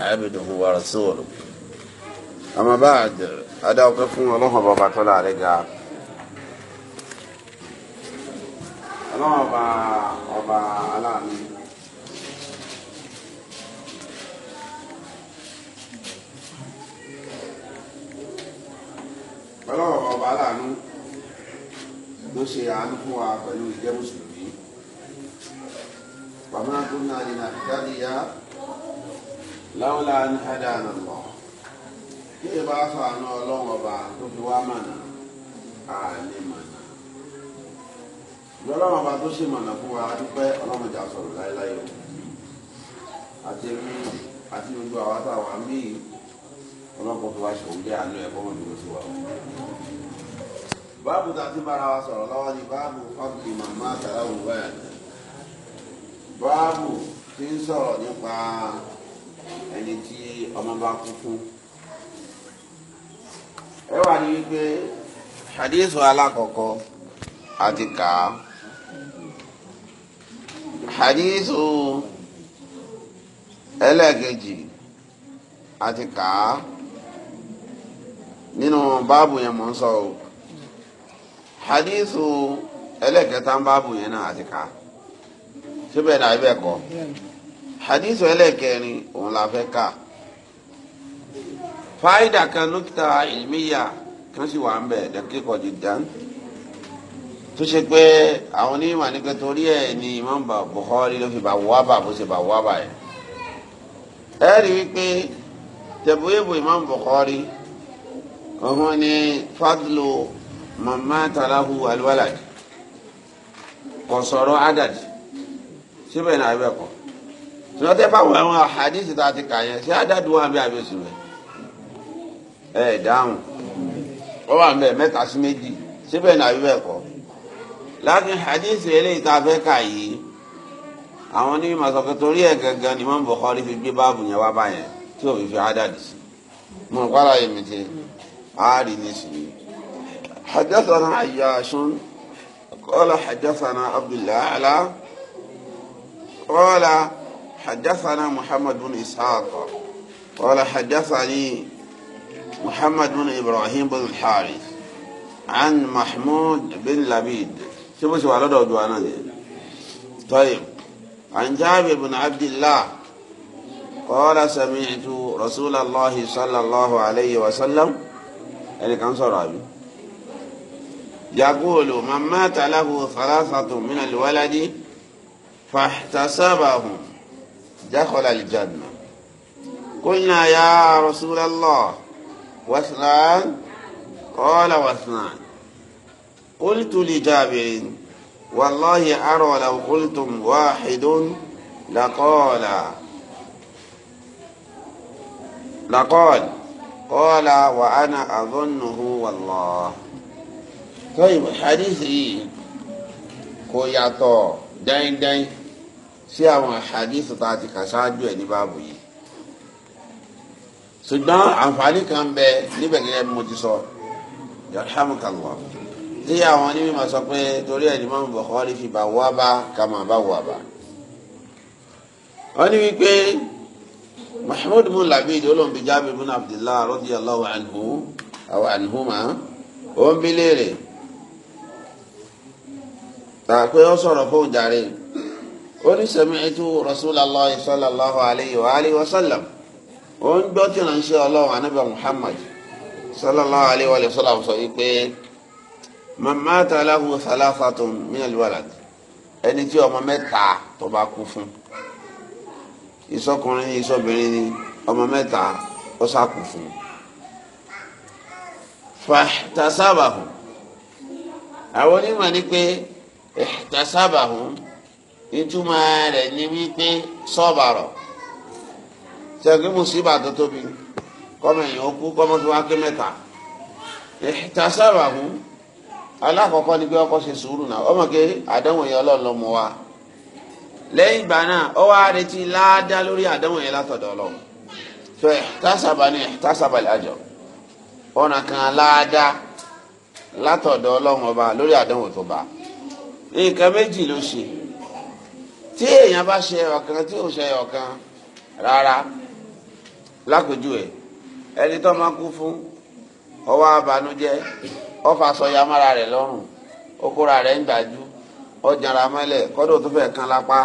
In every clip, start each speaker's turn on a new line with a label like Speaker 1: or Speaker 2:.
Speaker 1: عبده ورسوله أما بعد أدا وقفنا الله بابا طلع رجع الله بابا بابا على ọlọ́wọ́ ọba aláàánú ló ṣe àánú fún wa pẹ̀lú ìjẹ́ mùsùlùmí pàmò àkóńdá ni nàìjíríà láwùlá ní hádàánà lọ ní ìbá afọ ọlọ́run ọba tó fi wá mànà àlè mànà ọlọ́run ọba tó ṣe mànà fún wa dúpẹ́ ọlọ́run ìjà sọ̀rọ̀ láéláé o àti èmi gbogbo àwọn àtàwọn àmì ọlọ́pàá fi a wa ni ẹni tí ọmọ bá kú fún. ẹ wà ní wípé hadith alákọ̀ọ́kọ́ àti kà hadith ẹlẹ́ẹ̀kejì àti kà nínú báàbù yẹn mò ń sọ o hadith ẹlẹ́ẹ̀kẹta báàbù yẹn náà àti hadith ẹlẹ́kẹrin òun la fẹ́ kà fáyidà kan nukta ilmiya kan sì wà ń bẹ̀ dẹ́kẹ́kọ̀ọ́ jiddan tó ṣe pé àwọn onímọ̀ nípa torí ẹ̀ ni Imam Bukhari ló fi bá wá bà bó ṣe bá wá bà yẹn ẹ rí i pé tẹ̀bùyẹ̀bù Imam Bukhari ọ̀hún ni fadlu mama talahu alwalad kò sọ̀rọ̀ adad síbẹ̀ náà ẹ bẹ̀ kọ́ sọtẹ fáwọn àwọn àhàdísì tá a ti kà yẹn ṣé àdádù wà bí abẹ́sù rẹ̀ ẹ dáhùn wọ́n wà mẹ́ mẹ́ta sí méjì síbẹ̀ náà bí bẹ́ẹ̀ kọ́ lákìn àdísì eléyìí tá a fẹ́ kà yìí àwọn onímọ̀ sọ pé torí ẹ̀ gangan ni wọ́n Bukhari fi gbé báàbù yẹn wá báyẹn tí òfin fi àdádì sí mo n yìí mi ti àárín nísìnyí. حدثنا عياش قال حدثنا عبد الله قال حدثنا محمد بن إسحاق قال حدثني محمد بن إبراهيم بن الحارث عن محمود بن لبيد شوفوا شو على دوانا طيب عن جابر بن عبد الله قال سمعت رسول الله صلى الله عليه وسلم يعني كان صحابي يقول من مات له ثلاثة من الولد فاحتسبهم dakhala al-janna qulna ya rasulallah wasnan qala wasnan qultu li Jabirin wallahi ara law qultum wahidun laqala laqala qala wa ana adhunnuhu wallah tọ́yìn hadith yìí kò yàtọ̀ dáindáin sí àwọn hadith tá a ti kà ṣáájú ẹ̀ ní báàbò yìí ṣùgbọ́n àǹfààní kan bẹ níbẹ̀ gẹ́gẹ́ bí mo ti sọ yarhamukallah tí àwọn onímọ̀ sọ pé torí ẹ̀ ní mọ́mú Bukhari fi bá wà bá ká máa bá wà bá. wọ́n ní wípé Mahmud bin Labid olóńbi Jabir bin Abdullah radiyallahu anhu àwọn anhuma ó ń bí léèrè tàà pé ó sọ̀rọ̀ fóun jàre oni sami'tu rasulallah sallallahu alayhi wa alihi wa sallam ó ń gbọ́ tí wọ́n ń ṣe ọlọ́run anabi muhammad sallallahu alayhi wa sallam sọ wípé màmá talahu salasatun minal walad ẹni tí ọmọ mẹ́ta tó bá kú fún ìsọkùnrin ni ìsọbìnrin ni ọmọ mẹ́ta fún fàtàsábàhùn àwọn ni pé ìtàsábàhùn. ìtumọ̀ rẹ̀ ni wípé sọ́bàrọ̀ sẹ́gun mùsíbà tó tóbi kọ́mẹ̀yìn okú kọ́mọ́ wá ké mẹ́ta ìtàsábàhù alákọ̀ọ́kọ́ ni pé ọkọ̀ ṣe sùúrù náà ọmọ ké yẹn ọlọ́run lọ́mọ wa lẹ́yìn ìgbà náà ó wá retí lórí yẹn látọ̀dọ̀ ọlọ́run tó ọ̀nà kan látọ̀dọ̀ ọlọ́run ọba lórí tó bá nǹkan tí èèyàn bá ṣe ọ̀kan tí ò ṣe ọ̀kan rárá lákòjúwe ẹni tó máa kú fún ọwọ́ abanújẹ́ ọfà sọyà mára rẹ lọrùn okóra rẹ ń gbàjú ọjàrà mọ́lẹ̀ kọ́dọ̀ tó fẹ́ kan lápá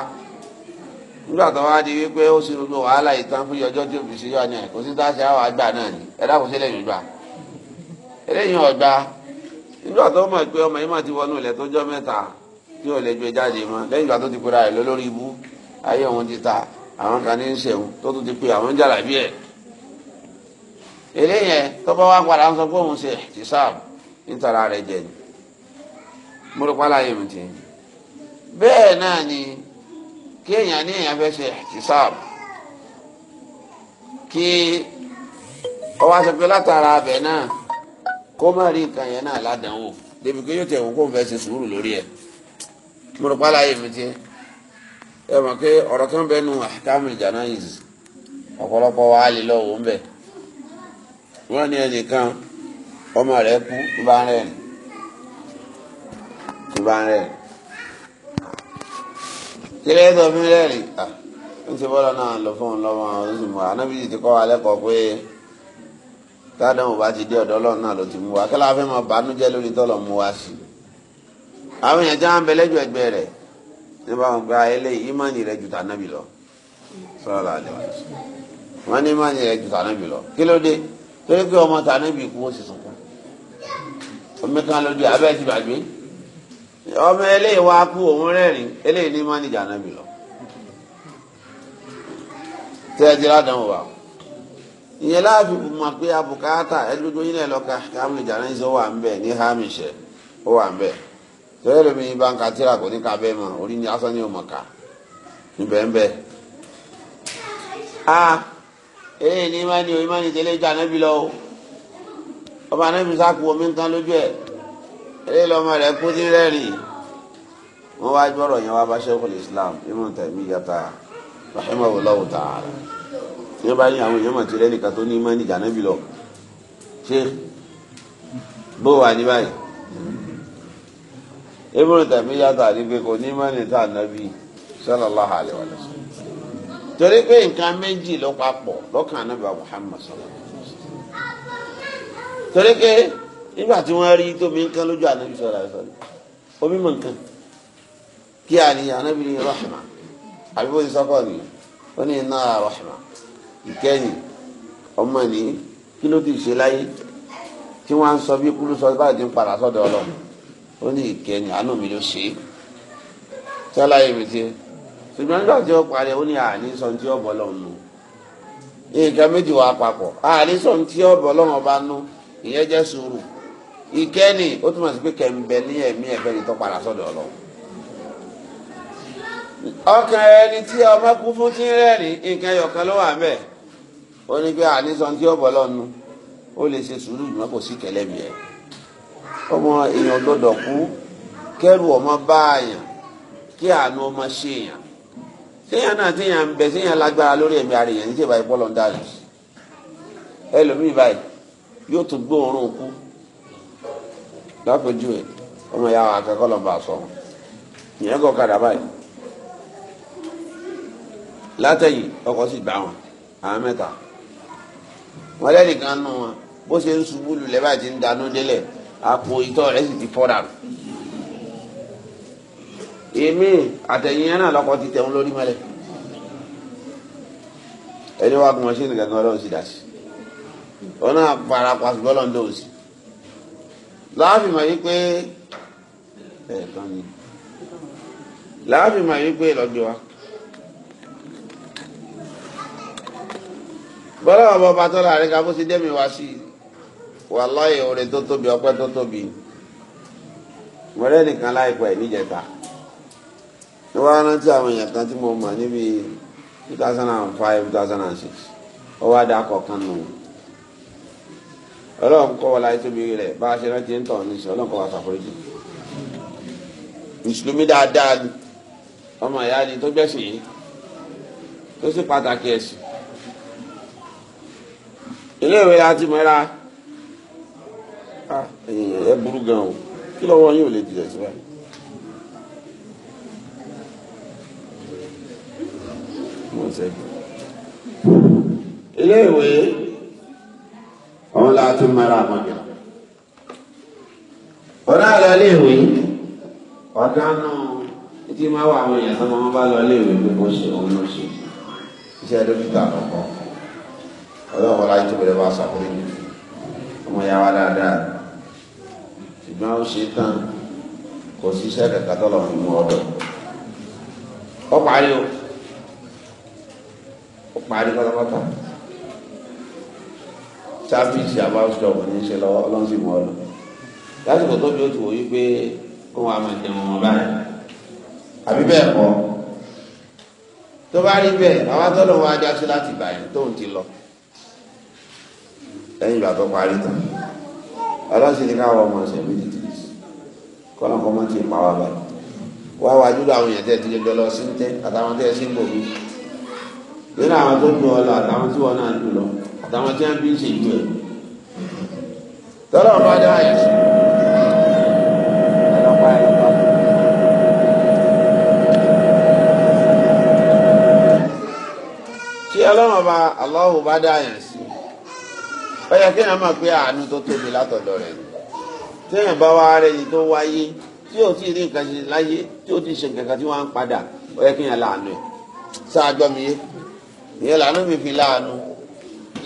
Speaker 1: nígbà tó wá di wípé ó sì gbogbo wàhálà ìtàn fún tí òbí ni kò sí táṣà àwọn àgbà náà ni sí gbà eléyìí nígbà tó pé ọmọ yìí ti wọnú tó jọ kí ò lè gbé jáde mọ́ lẹ́yìn ìgbà tó ti pera ẹ̀ lólórí ibú ayé òun ti ta àwọn kan ní í ṣẹ̀wọ̀n tó tún ti pe àwọn jàlá bí ẹ̀. eléyẹn tó bá wá padà ń sọ pé òun ṣe ti sáàbù nítorí rẹ̀ jẹ ni mo rò pálá yẹn mi ti bẹ́ẹ̀ náà ni kí èèyàn ní èèyàn fẹ́ ṣe ti sáàbù kí ó wá sọ pé látara abẹ náà kó má rí nǹkan yẹn náà ládàáwò débi pé yóò tẹ̀ wọ́n kó fẹ́ ṣe sùúrù lórí ẹ̀. mo rò pálá yé ẹ mọ̀ pé ọ̀rọ̀ kan bẹ́ẹ̀ nu àkàmì janayiz ọ̀pọ̀lọpọ̀ wa lè lọ wò ń bẹ̀ wọ́n ní ẹnìkan ọmọ rẹ̀ kú ní rẹ̀ rẹ̀ kílẹ̀ tó fi rẹ̀ rí à ń ṣe bọ́lá náà ti kọ́ àwọn èèyàn já bẹ lẹ́jọ́ ẹgbẹ́ rẹ̀ ní wọn gba eléyìí ìmánì rẹ̀ ju lọ sọ́ọ́lá wọn ní lọ kí ló dé torí pé ọmọ tànábì kú ó sì sunkún omi kan lójú abẹ́ ti ọmọ eléyìí wá kú òun rẹ́rìn eléyìí ní lọ ẹ ìyẹn láàfin pé abùkátà kámi sọ wà ń ní ó wà ń tẹ́lẹ̀ lómi bá ń ka tíra kò ní ka bẹ́ẹ̀ mọ̀ orí ni asán ni ò mọ̀ ká níbẹ̀ ń bẹ̀. a ee ní imáni o imáni tẹ́lẹ̀ ju anabi lọ o ọba anabi sáku omi ń tán lójú ẹ̀ eré lọ́mọ rẹ̀ kú sí rẹ́rìn wọ́n wá gbọ́rọ̀ yẹn wá bá Sheikhul Islam Ibn Taymiyyah rahimahullahu ta'ala tí wọ́n bá ní àwọn èèyàn màtí rẹ́ nìkan tó ní imáni jànábì lọ ṣé bó wà ní báyìí. Ibn Taymiyyah tàbí pé kò ní mọ́ni tá nàbí sallallahu alaihi wa sallam torí pé nǹkan méjì ló papọ̀ lọ́kàn anábà Muhammad sallallahu alaihi wa sallam torí pé nígbà tí wọ́n rí tómi nǹkan lójú anábì sallallahu alaihi wa sallam omi mọ̀ nǹkan kí àníyàn anábì ní rahma àbí bó ti sọ́kọ̀ ni ó ní iná rahma ìkẹyìn ọmọ ní kí ló ti ṣe láyé tí wọ́n á ń sọ bí kúlú sọ báyìí ti ń padà sọ́dọ̀ ọlọ́run. ó ní ìkẹyìn àánú mi ló ṣe é tọ́lá yẹmi ti ṣùgbọ́n nígbà tí ó parí ó ní àní sọ tí ó bọ́ ihe nù nǹkan méjì wà papọ̀ àní sọ tí ó bọ́ nù ìyẹn jẹ́ sùúrù ó ni tó sọ́dọ̀ ọlọ́run ọkàn ẹni tí kú fún tí ń rẹ́rìn nǹkan ẹyọkan ló wà bẹ́ẹ̀ ó ní pé àní sọ tí ó bọ́ nù ó lè ọmọ èèyàn gbọ́dọ̀ kú kẹ́rù ọmọ báàyàn kí àánú ọmọ ṣèèyàn téèyàn náà téèyàn ń bẹ téèyàn lágbára lórí ẹ̀mí ara èèyàn níṣẹ́ ìbáyìí bọ́lọ̀ ń dàlù ẹlòmíì báyìí yóò tún gbóòórùn kú lápẹjù ẹ ọmọ ìyá wa akẹ́kọ̀ọ́ lọ́ba sọ ìyẹn kọ́ kadà báyìí látẹ̀yìn ọkọ̀ sì gbà wọn àwọn mẹ́ta wọn lẹ́nìkan nù wọn bó ṣe ń ṣubú lulẹ̀ báyìí ti ń danú délẹ̀ àpò ìtọ́ ti fọ́ dànù. èmi àtẹ̀yìn yẹn náà lọ́kọ̀ ti tẹ̀wọ́n lórí mọ́lẹ̀. ẹni wàá gun mọ́ṣíìnì kankan lọ́wọ́ sí dàsí. wọn náà para kwasi ni ma yi wípé lọ́jọ́ wa. bọlọ ọ̀bọ̀ bàtọ́ wa si. wàláyé oore tó tóbi ọpẹ́ tó tóbi mọ̀rẹ́ nìkan láìpẹ́ níjẹta ló wá rántí àwọn èèyàn kan tí mo mọ̀ níbi two thousand and five two thousand and six ó wá dá kọ̀ọ̀kan nù ọlọ́run kọ́ wọlé tóbi rẹ̀ bá a ṣe rántí ń tọ̀ níṣẹ́ ọlọ́run kọ́ wá ṣàforíjì mùsùlùmí dáadáa ni ọmọ ìyá ni tó gbẹ̀sìn yìí tó sì pàtàkì ẹ̀sìn ilé ìwé la ti Ah, ẹ burú gan o kí lọ́wọ́ yín ò lè jìyà síbẹ̀. ilé ìwé òun la tún mara àmọ́jà ọ̀rá àlọ́ ilé ìwé ọ̀gá náà tí máa wà àwọn èèyàn sọ́mọ́ wọn bá lọ ilé ìwé pé kó ṣe òun ló ṣe iṣẹ́ dókítà àkọ́kọ́ ọlọ́wọ́ láyé tó bẹ̀rẹ̀ bá sọ fún mi ọmọ ìyá wa dáadáa ṣùgbọ́n ó ṣe tán kò síṣẹ́ kẹ̀kẹ́ tọ́lọ̀ fi mú ọdọ̀ ó parí o ó parí pátápátá sáfíìsì àbáwọ̀sọ̀ kò ní í ṣe lọ́wọ́ ọlọ́sì mú ọdọ̀ lásìkò tó bí ó ti wò yí pé kó wọn àmọ̀ jẹun wọn báyìí àbí bẹ́ẹ̀ kọ́ tó bá rí bẹ́ẹ̀ àwa tọ́lọ̀ wọn ajá sí láti báyìí tóun ti lọ lẹ́yìn ìgbà tó parí tán aláṣẹ́ni káwọn ọmọ ọ̀sẹ̀ méjì tìrìsì kọ́nà kọ́ mọ́ ti pa wá báyìí wá wá dúró àwọn èèyàn tẹ́ ti jẹjọ lọ sí ń tẹ́ àtàwọn tẹ́ sí ń bò mí nínú àwọn tó dùn ọ lọ àtàwọn tí wọn náà dùn lọ àtàwọn tí wọn bí ṣe ìlú ẹ tọ́lọ́ ọba dá àyè tí ọlọ́run ọba aláwo bá dá àyè sí ó yẹ kéèyàn mọ̀ pé àánú tó tóbi látọ̀dọ̀ rẹ̀ ni téèyàn bá wá rẹ̀ ni tó wáyé tí ò tí ì rí nǹkan ṣe láyé tí ò tí ì ṣe nǹkan kan tí wọ́n á padà ó yẹ kéèyàn láàánú ẹ̀ sáà gbọ́ mi yé ìyẹn làánú mi fi láàánú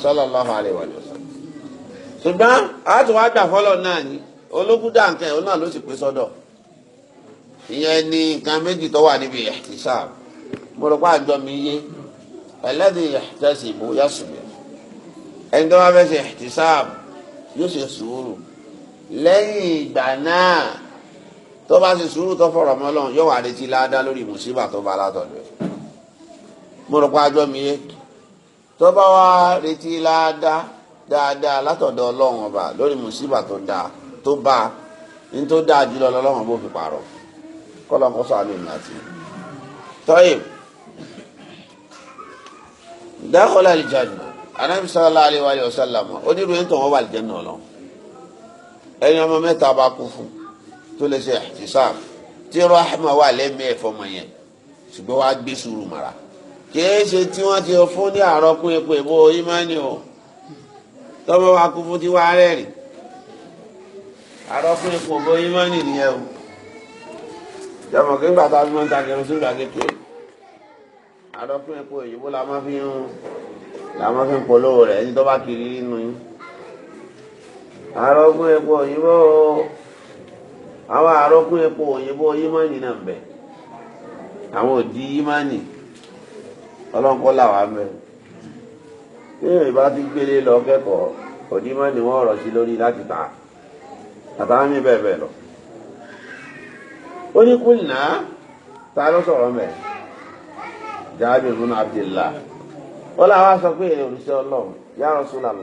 Speaker 1: sallallahu alaihi wa sallam. ṣùgbọ́n àtúwá gbà fọ́lọ̀ náà ni olókùn dáǹkẹ́ òun náà ló sì pé sọ́dọ̀ ìyẹn ni nǹkan méjì tó wà níbi ihtisab mo rò pé àjọ mi yé alladhi yahtasibu yasbir ẹni tó bá fẹ́ ṣe ihtisab yóò ṣe sùúrù lẹ́yìn ìgbà náà tó bá ṣe sùúrù tó fọ̀rọ̀ mọ́ lọ́hùn yóò wà létí ládá lórí mùsíbà tó bá látọ̀dọ̀ ẹ̀ mo rò pé ajọ́ mi yé tó bá wá retí ládá dáadáa látọ̀dọ̀ ọlọ́run ọba lórí mùsíbà tó dáa tó bá ní tó dáa jùlọ lọ́lọ́run bó fi pààrọ̀ kọ́lọ́ kó sọ àmì ìrìnàtì tọ́yìn dákọ́lá ìjàdùn anabi sallallahu alayhi wa alayhi wa sallam onírú yẹn tó wọn wà lìjẹ́nà lọ ẹni ọmọ mẹ́ta bá kú fún tó lè ṣe ihtisab tí rahma wà lẹ́mí ẹ̀fọ́ mọ̀ yẹn ṣùgbọ́n wàá gbé sùúrù mara kìí ṣe tí wọ́n ti fún ní àrọ́kún epo ìbò ìmánì o tọ́mọ wa kú fún tiwa rẹ́rìn àrọ́kún epo ìbò ìmánì nìyẹn o jọmọ kí n bàtà fi máa ń ta kẹrìndínlọ́gbà kékeré àrọ́kún epo ìyìnbó la máa fi ń làwọn fi ń polówó rẹ̀ ẹni tó bá kiri nínú yín àrògùn epo òyìnbó àwọn àrògùn epo òyìnbó yímọ̀nì náà bẹ̀ àwọn òdì yímọ̀nì ọlọ́nkọ́ làwọn abẹ́ bí ìbá ti gbélé lọ kẹ́kọ̀ọ́ òdì yímọ̀nì wọ́n rọ̀ sí lórí láti tà àtàwọn mi bẹ́ẹ̀ bẹ́ẹ̀ lọ ó ta ló sọ̀rọ̀ mẹ́ jáde ibn Abdillah. ó láwa sọ pé èrè òrìṣẹ́ ọlọ́run ya Rasulullah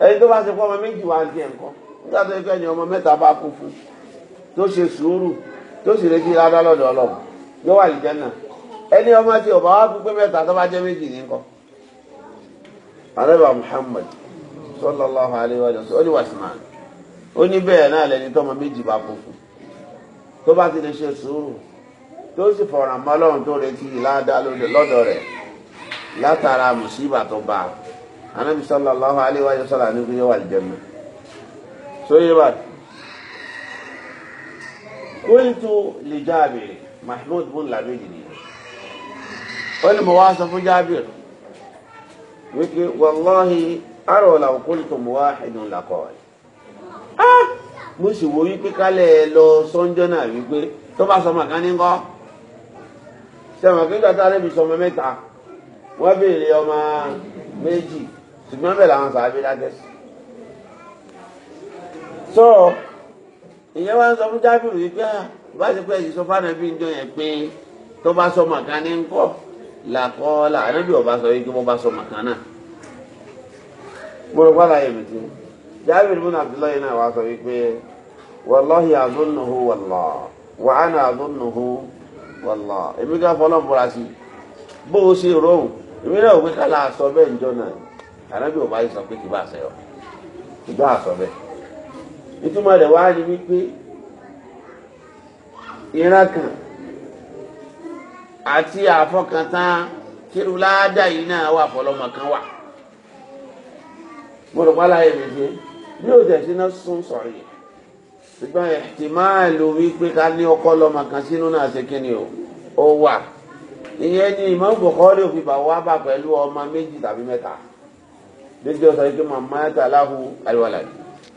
Speaker 1: ẹni tó bá ṣe fọ́ ọmọ méjì wá ń jẹ nígbà tó yẹ kí ẹni ọmọ mẹ́ta bá kú fún tó ṣe sùúrù tó sì retí ládá lọ́dọ̀ ọlọ́run yóò wà lìjẹ́ náà ẹni ọmọ tí ọba wá kú pé mẹ́ta tó bá jẹ́ méjì ní Muhammad sallallahu alaihi wa sallam wàsímà bẹ́ẹ̀ náà tó látara mùsíbà tó bá anábì sallallahu alaihi wa sallam ní kúnyẹ́wà àlìjẹ́nu sóyè bá kóyìntù lè jáàbìrì mahmud bùn làbẹ́jì ni ó ní mo wá sọ fún jáàbìrì wípé wàláhì àrò làwọn kóyìntù mo wá ìdùn làkọ́ ẹ̀ mo sì wo wípé kálẹ̀ lọ sọ́njọ́ náà wípé tó bá sọ màkánì ńkọ́ sẹ́wọ̀n kí n gbàtà lẹ́bi sọmọ wọ́n béèrè ọmọ méjì ṣùgbọ́n bẹ́ẹ̀ làwọn sàábé dákẹ́ sí. sọ ìyẹn wá ń sọ fún jábìrì wípé ìbáṣepọ̀ ah, ẹ̀sìn sọ fáànà bí ń jọ yẹn pé tó bá sọ màkàn ní ńkọ́ làkọ́ọ́lá ànábì ọba sọ yìí kí wọ́n bá sọ màkàn náà. gbọ́dọ̀ pàdà yẹn mìtì jábìrì bùnà Abdullahi náà wá sọ wípé wàlọ́hì àdúnnùhù wàlọ́ wàhánà àdúnnùhù wàlọ́ èmi ká fọlọ́ bọ́ra sí bó o ṣe rọrùn èmi náà wípé kálá sọ bẹ́ẹ̀ níjọ́ náà ànábì ọba yìí sọ pé kì bá sọ yọ kì bá sọ bẹ́ẹ̀ ìtumọ̀ rẹ̀ wá ní wípé ìran kan àti àfọkàntán kírúláàdà yìí náà wà fọlọ́mọ kan wà mo rò pálá yẹn ṣe bí o tẹ̀sí náà sún sọ̀rọ̀ yẹn ṣùgbọ́n ẹ̀ tì máa lò wípé ká ní ọkọ lọ́mọ kan sínú náà ṣe kí ni o ó wà ìyẹn ni Imam Bukhari òfin bá wá bá pẹ̀lú ọmọ méjì tàbí mẹ́ta lójú ọ̀sán yìí pé màmá ẹ̀ta aláhu aliwala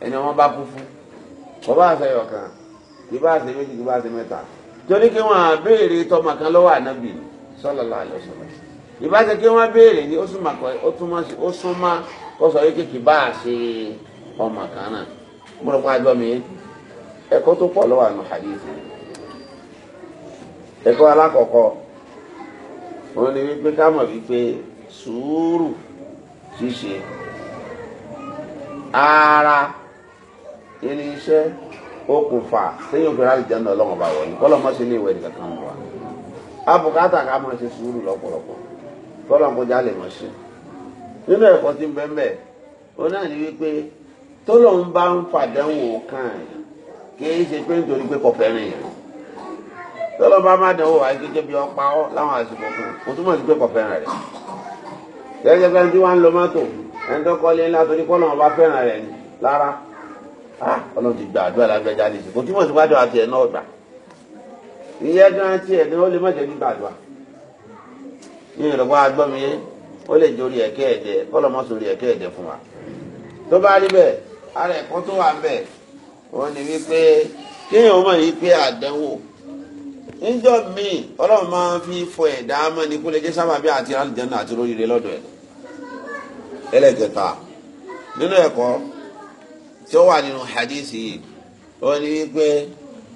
Speaker 1: ẹni ọmọ bá kú fún kò bá àṣẹ ọ̀kan kì bá àṣẹ méjì kì bá àṣẹ mẹ́ta torí kí wọ́n béèrè tọmọ kan lọ́wọ́ ànábì sallallahu alaihi wasallam ìbáṣe kí wọ́n béèrè ni ó súnmọ́ ó súnmọ́ kó sọ yìí kì bá àṣẹ ọmọ kan náà mo rò pé àjọ mi ẹ̀kọ́ ó ní wípé ká mọ̀ wípé sùúrù ṣíṣe ara irinṣẹ́ okùnfà téèyàn gbéra lè jẹun ọlọ́run ọba wọ̀nyí kọ́lọ́ mọ́ sí ní ìwé nìkan kan wà abùkátà ká mọ̀ ṣe sùúrù lọ́pọ̀lọpọ̀ kọ́lọ́ kọjá lè mọ̀ ṣe nínú ẹ̀kọ́ tí ń bẹ́ẹ̀ bẹ́ẹ̀ ó náà ní wípé tọ́lọ́ ń bá ń fàdánwò kàn kì í ṣe pé nítorí pé kò fẹ́ràn yẹn tọ́lọ́ bá má dánwò àìkéjẹ́ bí ọpa ọ́ láwọn àsìkò fún un kò túmọ̀ sí pé kò fẹ́ràn rẹ̀ gẹ́gẹ́ bí ẹni tí wọ́n ń lo mọ́tò ẹni tó kọ́lé ńlá torí kọ́ lọ́wọ́ bá fẹ́ràn rẹ̀ ni lára ọlọ́run ti gba àdúrà lágbẹ́já ní ìsìn kò túmọ̀ sí wájú àti ẹ̀ náà gbà ìyẹn gan ti ẹ̀ ní ó lè má jẹ́ nígbà àdúrà ní ìrọ̀pá agbọ́mi yé ó lè jórí ẹ̀kẹ́ ẹ̀dẹ̀ kọ́lọ́mọ́ sórí ẹ̀kẹ́ ẹ̀dẹ̀ fún wa tó bá rí bẹ́ẹ̀ ara ẹ̀kọ́ tó wà bẹ́ẹ̀ òun ni wípé kéèyàn mọ̀ yí pé àdánwò níjọ́ míì ọlọ́run máa fi fọ ẹ̀dá mọ́ ni kó lè jẹ́ sábàbí àti alìjẹ́nà àti oríire lọ́dọ̀ ẹ̀ ẹlẹ́kẹta nínú ẹ̀kọ́ tí ó wà nínú hadisi yìí ó ní wípé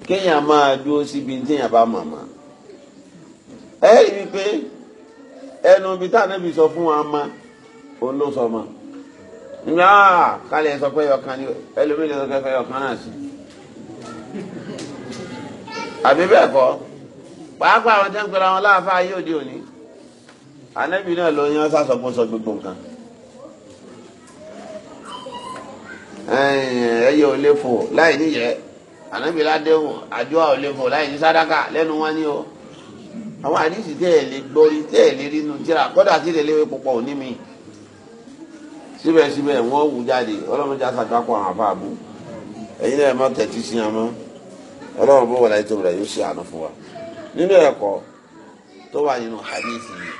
Speaker 1: kéèyàn máa dúró síbi téèyàn bá màmá ẹ rí wípé ẹnu ibi tá sọ fún wa ma òun ló sọ ma nga kálẹ̀ sọ pé ọkàn ni ẹlòmíràn sọ pé ọkàn pàápàá àwọn tó ń pera wọn láàfà ayé òde òní ànábì náà ló yan sásọkúnsọ gbogbo nǹkan ẹyẹ ò lè fò láì níyẹ ànábì ládéhùn àdúà ò lè fò láì ní sádákà lẹ́nu wọn ni o àwọn àdìsí tẹ ẹ lè gbórí tẹ ẹ lè rínú tíra kódà tí lè léwé púpọ̀ òní mi síbẹ̀síbẹ̀ wọ́n wù jáde ọlọ́run já sàkápọ̀ àwọn afáàbù ẹ̀yin náà ẹ má tẹ̀tí sí àmọ́ ọlọ́run bó wọlé tó rẹ̀ yóò ṣe àánú fún wa nínú ẹ̀kọ́ tó wà nínú hadith yìí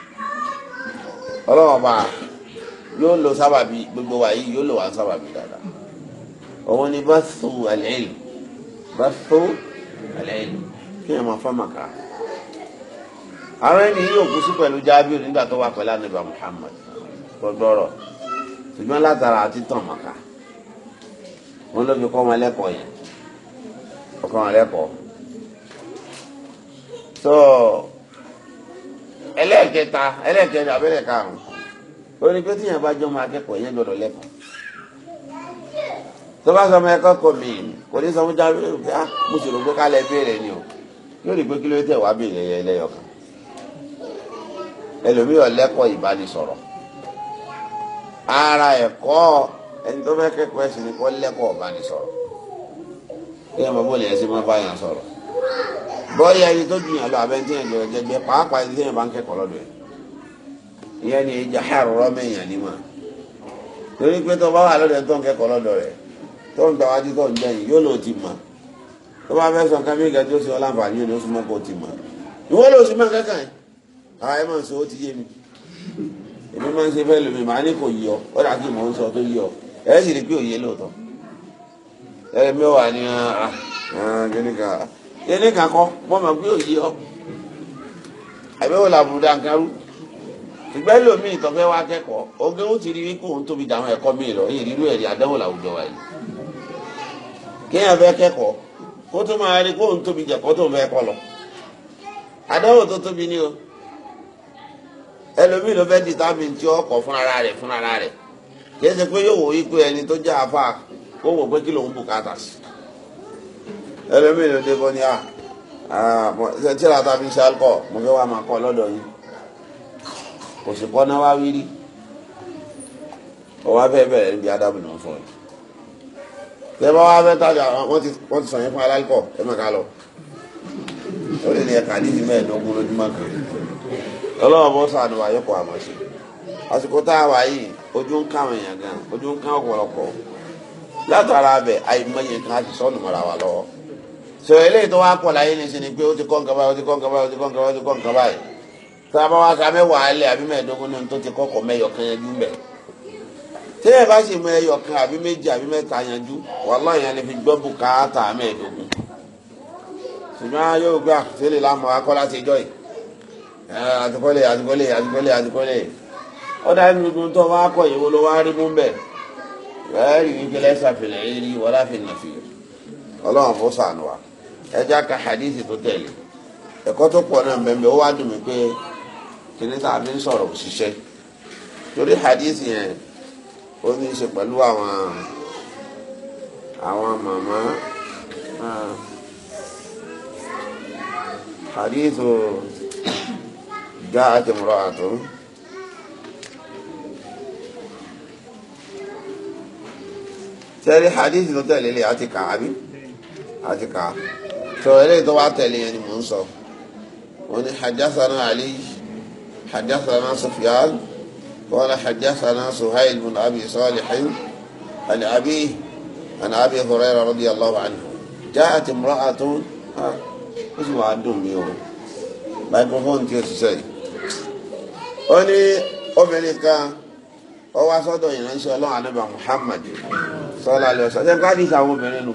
Speaker 1: ọlọ́wọ́n bá yóò lo sábàbí gbogbo wa yìí yóò lo wà sábàbí dáadáa òun ni bathu al-ilm bathu al-ilm kí ẹ máa fọ́ọ̀mà ká ara ẹni yìí òkú sí pẹ̀lú Jábírù nígbà tó wà pẹ̀lú ànábì Muhammad kò ṣùgbọ́n látara àti tàn màkà wọn ló fi kọ́ wọn lẹ́kọ̀ọ́ yẹn kọ́ wọn lẹ́kọ̀ọ́ so ẹlẹ́ẹ̀kẹta ẹlẹ́ẹ̀kẹrin abẹ́rẹ́ karùn-ún ó ní pé tíyẹn bá jọmọ akẹ́kọ̀ọ́ yẹn gbọdọ̀ lẹ́kọ̀ọ́ tó bá sọmọ ẹ̀kọ́ kọ mi kò ní sọmọ jáwé lórí pé ah mo pé kálẹ̀ béèrè ni o yóò rí pé kí ló tẹ̀ wá béèrè yẹn lẹ́yọ̀kan ẹlòmíràn lẹ́kọ̀ọ́ ìbánisọ̀rọ̀ ara ẹ̀kọ́ ẹni tó fẹ́ kẹ́kọ̀ọ́ ẹ̀sìn ni kọ́ lẹ́kọ̀ọ́ ìbánisọ̀rọ̀ kí ẹ mọ̀ bó lè ẹ sí máa bá bọ́ọ̀yà ẹni tó jùyàn lọ abẹ́ntí yẹn jọ jẹjẹ pàápàá ẹni tí yẹn bá ń kẹ́kọ̀ọ́ lọ́dọ̀ ẹ̀ ìyẹn ni ìjà àrọ̀rọ̀ mẹ́yìn ni mà torí pé tó bá wà lọ́dọ̀ tó ń kẹ́kọ̀ọ́ lọ́dọ̀ rẹ̀ tó ń gbà wájú tó ń jẹyìn yóò lò ti mà tó bá fẹ́ sọ nǹkan mẹ́gà tó ṣe ọ láǹfààní ni ó súnmọ́ kó ti mà ìwọ ló súnmọ́ kankan àwọn ẹ̀ máa ń sọ ó ti yé mi èmi máa ń ṣe fẹ́ lómi màá ní kò yí ọ ó dà kí mò ń sọ tó yí ọ ẹ sì rí pé òye yẹnì kan kọ wọn mọ pé òye ọ àbẹ̀wò làbùrù dàǹkarú ìgbẹ́ lómi ìtọ́fẹ́ wa kẹ́kọ̀ọ́ oge ó ti rí wípé òun tóbi dàwọn ẹ̀kọ́ mi lọ yìí rírú ẹ̀rí àdánwò làwùjọ wa yìí kéèyàn fẹ́ kẹ́kọ̀ọ́ kó tó máa rí kóun tóbi jẹ̀kọ́ tó fẹ́ kọ́ lọ tó tóbi ni o ẹlòmíì ló fẹ́ determine tí fúnra rẹ̀ fúnra rẹ̀ ṣe pé yóò wò ẹni ẹlòmíì ló dé kó ní à tíra ta fi ṣe alkọ mo fẹ́ wá máa kọ́ lọ́dọ̀ yín kò sì kọ́ náà wá wí rí ọwọ́ afẹ́ bẹ̀rẹ̀ níbi ádámù náà fọ́ yìí tẹ́lẹ̀ wá fẹ́ tajà wọ́n ti wọ́n ti sọ̀yìn fún alálùkọ̀ ẹ má ká lọ ó lè ní ẹ̀ka nídìí mẹ́ẹ̀ẹ́dógún lójúmọ́ kan ọlọ́wọ́ bọ́ sànù àyọkọ̀ àmọ́ṣe àsìkò tá a wà yìí ojú ń ká àwọn èèyàn gan ojú ń ká ọ̀pọ̀lọpọ̀ látara abẹ àìmọye kan á ti sọ́nù wa lọ́wọ́ sọ eléyìí tó wá pọ̀ láyé ní sinmi pé ó ti kọ́ nǹkan báyìí ó ti kọ́ nǹkan báyìí ó ti kọ́ nǹkan báyìí ó ti kọ́ nǹkan báyìí tá a bá wá ka mẹ́wàá lẹ̀ àbí mẹ́ẹ̀ẹ́dógún ní tó ti kọ́kọ́ mẹ́yọ̀ kan yanjú mbẹ̀ tí ẹ bá ṣe mọ ẹyọ̀ kan àbí méjì àbí mẹ́ta yanjú wàhálà yẹn lè fi gbọ́ bùkátà mẹ́ẹ̀ẹ́dógún ṣùgbọ́n yóò gbà sílẹ̀ lámọ̀ akọ́lá ti jọ́ yìí ọlọ́run fún sànù wa ẹja ka hadith tó tẹ̀lé ẹ̀kọ́ tó pọ̀ náà bẹ́ẹ̀ ó wá dùn mí pé kíní tá a fi ń sọ̀rọ̀ òṣìṣẹ́ torí hadith yẹn ó ní í ṣe pẹ̀lú àwọn àwọn màmá hadith جاءت امرأة تاري حديث نتالي لي أتي كعبي àti ká tó eléyìí tó wá tẹ̀lé yẹn ni mò ń sọ wọn ni hajjasana ali hajjasana sufyan wọn ni hajjasana suhail bin abi salihin an abi an abi huraira radiyallahu anhu jaat imra'atun ah, ó sì wàá dùn mí o microphone tí o ti sẹ́yìn ó ní obìnrin kan ó wá sọ́dọ̀ ìránṣẹ́ ọlọ́run anábà muhammad sallallahu alaihi wasallam jẹ́ ká dìísà àwọn obìnrin nù.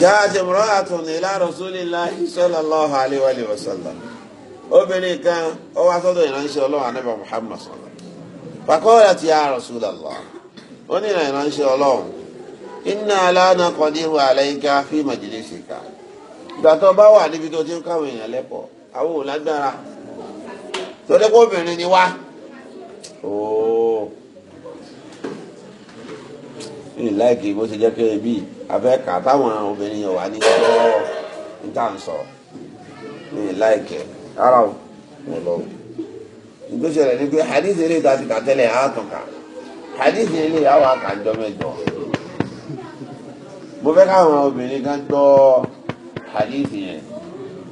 Speaker 1: jáde mọ́rọ́ àtúnlé láàrọ̀ sólè láì sọ́lá lọ́hà aléwálé wàsálà obìnrin kan ó wá sọ́dọ̀ ìránṣẹ́ ọlọ́run anábà muhammad sọ́lá pàkọ́ọ̀lá ti yá rọ̀súlà lọ ó ní ìránṣẹ́ ọlọ́run iná aláàánà kan ní ìwà àlẹ́yìnká fí màjèlé bá wà níbi tó ti ń káwọn èèyàn lẹ́pọ̀ àwọn ò lágbára torí pé ni wá ooo bó abẹ́ kà táwọn obìnrin yẹn wà ní gbọ́ níta ń sọ ní láìkẹ́ ara wọn lọ. ìgbésẹ̀lẹ̀ ni pé hadith eré ta ti kà tẹ́lẹ̀ á tún kà hadith eré yà wà kà jọ mẹ́jọ. mo fẹ́ káwọn obìnrin kan gbọ́ hadith yẹn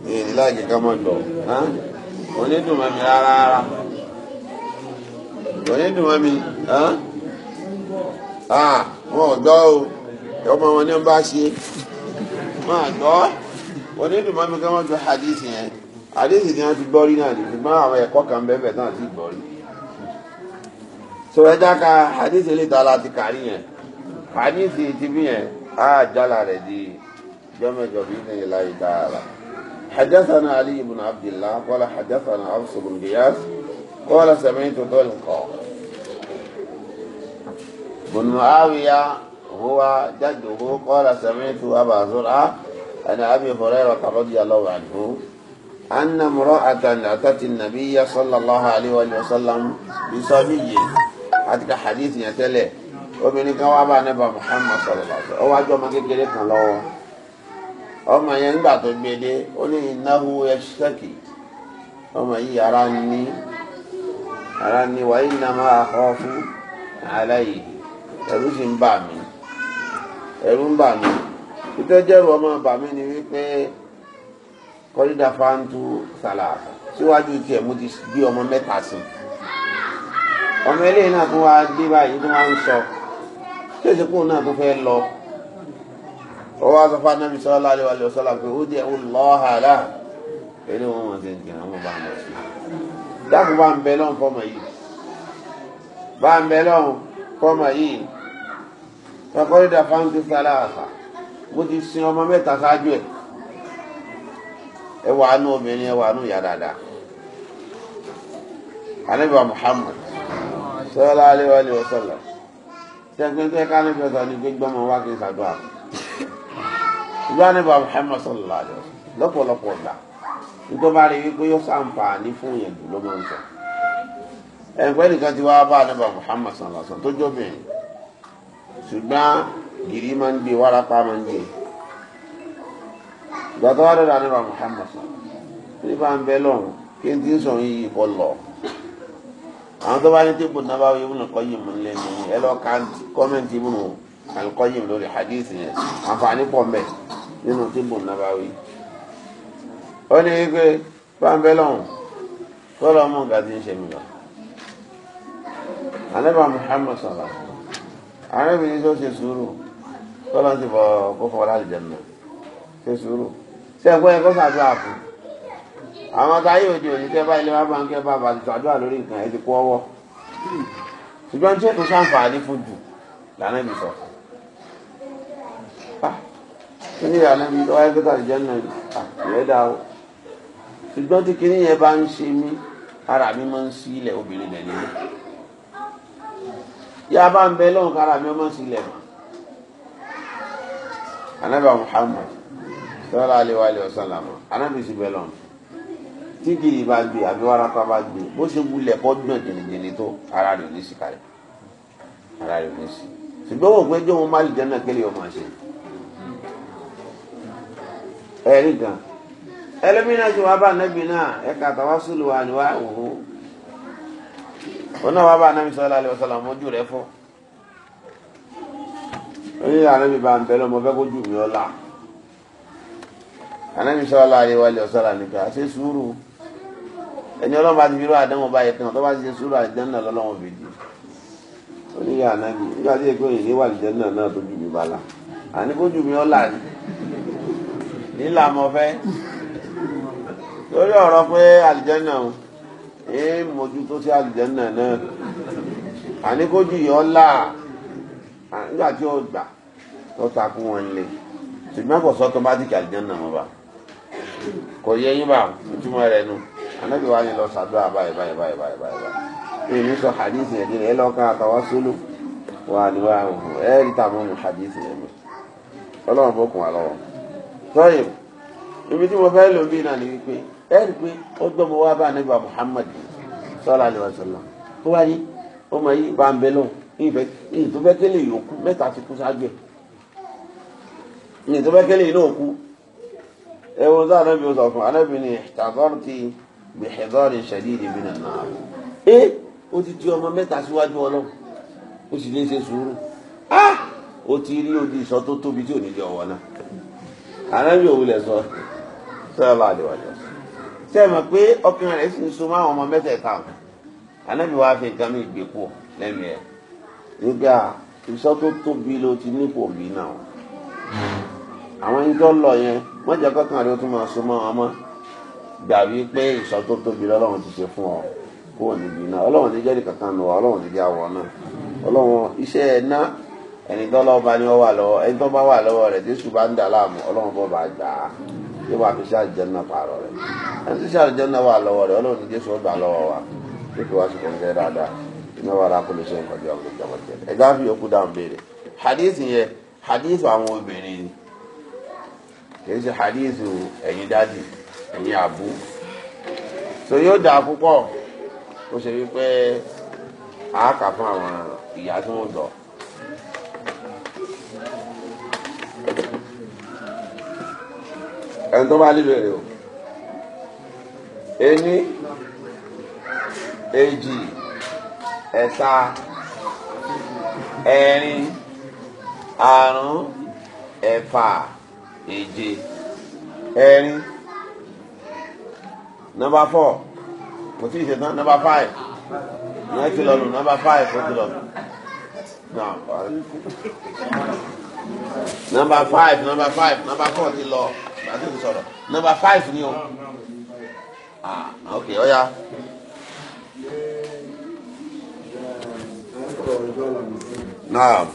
Speaker 1: ní láìkẹ́ ká mọ̀ gbọ́ onídùnmọ̀ mi rárá onídùnmọ̀ mi ah, wọn ò gbọ́ o ọmọ wọn ní ń bá ṣe máa gbọ́ wọn ní ìdùnnú mi kí wọ́n ju hadith yẹn hadith ni wọ́n ti gbọ́ rí náà ní ṣùgbọ́n àwọn ẹ̀kọ́ kan bẹ́ẹ̀ náà ti gbọ́ rí. sọ ẹ dáka hadith ilé ìta láti kárí yẹn hadith ti bí yẹn á jálà rẹ̀ di jọ́mẹ̀jọ́ bí ní ìlà ìta ara. حدثنا علي بن عبد الله قال حدثنا عبس بن غياث قال سمعت طلقا بن معاوية هو جده قال سمعت أبا زرعة عن أبي هريرة رضي الله عنه أن امرأة أتت النبي صلى الله عليه وسلم بصبي حتى حديث يتلي obìnrin kan wá bá nípa Muhammad sallallahu alaihi wa sallam ó wá jọ ọmọ kékeré kan lọ́wọ́ ọmọ yẹn nígbà tó gbé dé ó ní innahu yashtaki ọmọ yìí ara ní ara ní wa innama akhafu alayhi ẹ̀rù sì ń bà mí ẹ̀rù ń bà mí ìtọ́jẹ́rù ọmọ bà mí ni wípé kọ́lídà fáńtù sàlà síwájú tiẹ̀ mo ti bí ọmọ mẹ́ta sí ọmọ eléyìí náà tún wáá dé báyìí tó máa ń sọ tí èsì kúrò náà tún fẹ́ lọ ó wá sọ fún anábì sọlá alẹ́ wàlẹ́ ọ̀sọ́lá pé ó dé ẹ̀hún lọ́hàlá pẹ̀lú wọn wọn ti ń jìnnà wọn bá ń sí dákun bá ń bẹ lọ́hùn fọmọ yìí bá ń bẹ lọ́hùn fọmọ yìí kakọ́lẹ́dà fáńtì sálàsà mo ti sin ọmọ mẹ́ta ṣáájú ẹ̀ ẹ wà á nú obìnrin ẹ wà á nú ìyá dáadáa anabi wa Muhammad sallallahu alaihi wa sallam sẹ́gbẹ́ntẹ́ ká ní bẹ́ẹ̀ sọ ní gbégbé ọmọ wa kì í ṣàdúrà ìgbà anabi Muhammad sallallahu alaihi wa sallam lọ́pọ̀lọpọ̀ ọ̀dà nítorí bá rí wípé yóò ṣàǹfààní fún yẹn jù ló máa ń sọ ẹ̀ǹpẹ́ nìkan ti wá bá anabi Muhammad sallallahu alaihi wa sallam tó jọ́ bẹ́ẹ̀ ṣùgbọ́n gìrì máa ń gbé wárápá máa ń jẹ ìgbà tó wá dọ̀dọ̀ àníbà Muhammad sọ nípa ń bẹ lọ́run kí n ti ń sọ yìí kọ lọ àwọn tó bá ní tí ibùdó náà ibùdó náà kọ́yìn mú lé ní ẹ lọ ká kọ́mẹ́ǹtì ibùdó àlùkọ́yìn lórí hadith yẹn àǹfààní pọ̀ mẹ́ nínú tí ibùdó náà bá wí. ó ní wípé pàǹbẹ́ lọ́hùn tó lọ́ mú nǹkan tí ń ṣe mí lọ. àníbà Muhammad sọ̀rọ̀ arábìnrin tó ṣe sùúrù tọ́lá ti bọ̀ kó fọwọ́ láti jẹun náà ṣe sùúrù ṣe ẹ̀gbọ́n ẹ̀kọ́ sàdúrà fún àwọn táyé òde òní tẹ́ bá ilé wa bá ń kẹ́ bá bàtì sàdúrà lórí nǹkan ẹ̀ ti kú ọwọ́ ṣùgbọ́n tí ètò sàǹfààní fún jù lànà ìbí sọ. Ah, kíní ìlànà ìbí lọ́wọ́ ẹgbẹ́ tàbí jẹ́ náà ah, ìyẹn dá o ṣùgbọ́n tí kíní yẹn bá ń ṣe mí ara mi máa ń sí obìnrin dẹ̀ yá bá ń bẹ lọ́hùn kára mi ọmọ sílẹ̀ mọ́ anabi muhammad sọlá alẹ́ wa alẹ́ ọ̀sán làmọ́ anabi sì bẹ lọ́hùn tí kìí bá gbé àbí wàràkà bá gbé bó ṣe wulẹ̀ kọ́ dùn jìnnìjìnnì tó ara rẹ̀ ò ní sí kalẹ̀ ara rẹ̀ ní sí ṣùgbọ́n wọ́n pẹ́ jọ́ má lè jẹ́ náà kẹ́lẹ́ ọmọ àṣẹ ẹ̀rí gan ẹlẹ́mìnà tí wàá bá anabi náà ẹ̀ka tàwa sùlù wa ni wàá wò ó ona wa ba anabi sallallahu alaihi wasallam ojú rẹ̀ fọ́ oye anabi ba n bẹ lọ mo fẹ́ kó jù mí ọlá anabi sallallahu alaihi wasallam nìkan ṣe sùúrù ẹni ọlọ́run bá ti fi rọ àdánwò báyìí kan tó bá ti ṣe sùúrù àdánwò náà lọ́lọ́run fi di oníyà anabi nígbà tí èkó èyí wà lìjẹ́ náà náà tó jù mí bala àní kó jù mí ọlá ni nílà mo fẹ́ lórí ọ̀rọ̀ pé àlìjẹ́ náà ẹ mójútó sí àlùjànnà náà àníkójú yọ ọ́lá nígbà tí ó gbà tó takú wọn lé ṣùgbọ́n kò sọ tọ́mátìkì àlùjànnà mọ́ bá kò yẹ yín bá ìtumọ̀ rẹ̀ nu anábì wa yẹn lọ sàdúrà báyìí báyìí báyìí báyìí báyìí báyìí èmi sọ hadith yẹn nílẹ̀ ẹ lọ ká àtàwọn sólù wà níwá òhù ẹ rí tàbí mu hadith yẹn mi ọlọ́run bó kùn wá lọ́wọ́ tọ́yìn ibi tí mo fẹ́ lò bí náà ni wípé ẹ rí i pé ó gbọ́ mọ wá bá nígbà Muhammad sallallahu alaihi wasallam tó wá ní ọmọ yìí bá ń bẹ lọ ìfẹ́ ìyìn tó fẹ́ kélé yòókù mẹ́ta ti kú sáájú ẹ̀ ìyìn tó fẹ́ kélé yìí náà kú ẹ wo sá anábì sọ fún anábì ní tàbọ́rọ̀tì bìhẹ́dọ́rì ṣẹ̀díìdì mí nàá ẹ ó ti di ọmọ mẹ́ta síwájú ọlọ́run ó sì lè sùúrù ah ó ti rí odi ìsọ tó tóbi tí ò ní jẹ ọwọ́ náà anábì òwúlẹ̀ sọ sọ́yà bá àdéwájú. ṣe é mọ̀ pé ọkùnrin rẹ̀ sì ń so máwọn ọmọ mẹ́tẹ̀ẹ̀ta wọn anábì wàá fi nǹkan mi gbé pọ̀ lẹ́mìí ẹ̀ nígbà tó tóbi ló ti nípò bí náà àwọn lọ yẹn wọ́n jẹ́ kọ́kàn máa pé tó tóbi ti ṣe fún ọ kó wọ́n níbi náà ọlọ́run ti jẹ́rìí kankan ọ wà ẹni yóò wá fi sí àlùjánnà pààrọ̀ rẹ̀ ẹni tí sí àlùjánnà Jésù wa tó fi wá sí dáadáa iná wà lápò lè ṣe nǹkan bí ìjọba jẹ ẹgbẹ́ àfi yòókù dáhùn béèrè hadith hadith àwọn so yóò ṣe wípé àákà fún àwọn ìyá ẹni tó bá níbèrè o ení èjì ẹ̀ta ẹ̀rin àrún ẹ̀fà èje ẹ̀rin nọ́mbà fọ kò tí ì ṣe tán nọ́mbà fáì ìyẹn ti lọ nù nọ́mbà fáì kò ti lọ nù. Number five, number five, number four ti lọ àti kò sọ̀rọ̀ five ni o ah ok ó yá. naam.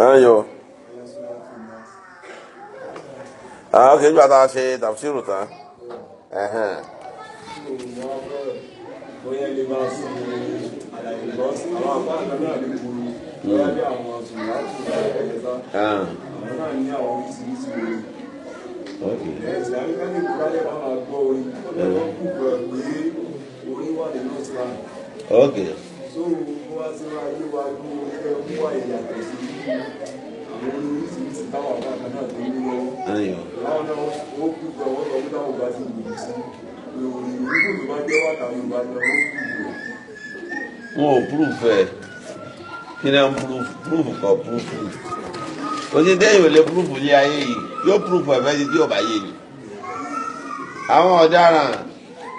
Speaker 1: ah ok nígbà tá a ṣe tàbísírù tán bóyá lè máa sọ àwọn náà ní àwọn oríṣiríṣi orin ẹ̀ ẹ̀ tìlámí kálí ìkúrálẹ̀ bá máa gbọ́ orin ó lọ́wọ́ kú gbọ́ pé orin ok. so wá sí wa yé wa kú ẹ mú wa ìyàtọ̀ sí àwọn orin oríṣiríṣi táwọn àbá ó kú gbọ́ wọ́n lọ bí táwọn bá ti lò sí orin orí kò tó bá jẹ́ wákàtí ìgbà ni ò púrùfù ẹ kí ni à ń púrùfù púrùfù kan púrùfù òsì dẹ́yìn ò lè púrúfù lé ayé yìí yóò púrúfù ẹ̀fẹ́ sí tí ò bá yé ni. àwọn ọ̀daràn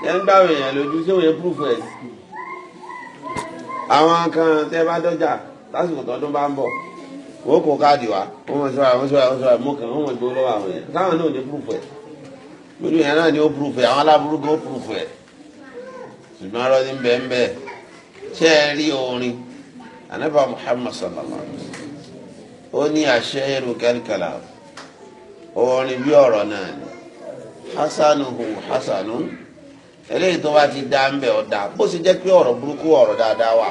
Speaker 1: ẹ̀ ń gbàwé èèyàn lójú tí òye púrúfù ẹ̀ sí. àwọn kan tẹ́ bá dọ́jà lásìkò tọdún bá ń bọ̀ wọ́n kó káàdì wá wọ́n mọ̀ sọ́ra wọ́n sọ́ra wọ́n sọ́ra mú kan wọ́n mọ̀ gbé lọ́wọ́ àwọn yẹn táwọn náà ò ní púrúfù ẹ̀ lórí yẹn náà ni ó púrúfù ẹ̀ àwọn aláburúkọ ó púrúfù ẹ̀ ṣùgbọ́n arọ́ ní bẹ́ẹ̀ bẹ́ẹ̀ ṣé ẹ rí orin ànábà Muhammad sallallahu alayhi wa sallam. ó ní àṣẹ irú kẹ́lìkẹ́là orin bí ọ̀rọ̀ náà ni hasanu hu hasanu eléyìí tó bá ti dá ń bẹ̀ ọ̀dà bó ṣe jẹ́ pé ọ̀rọ̀ burúkú ọ̀rọ̀ dáadáa wà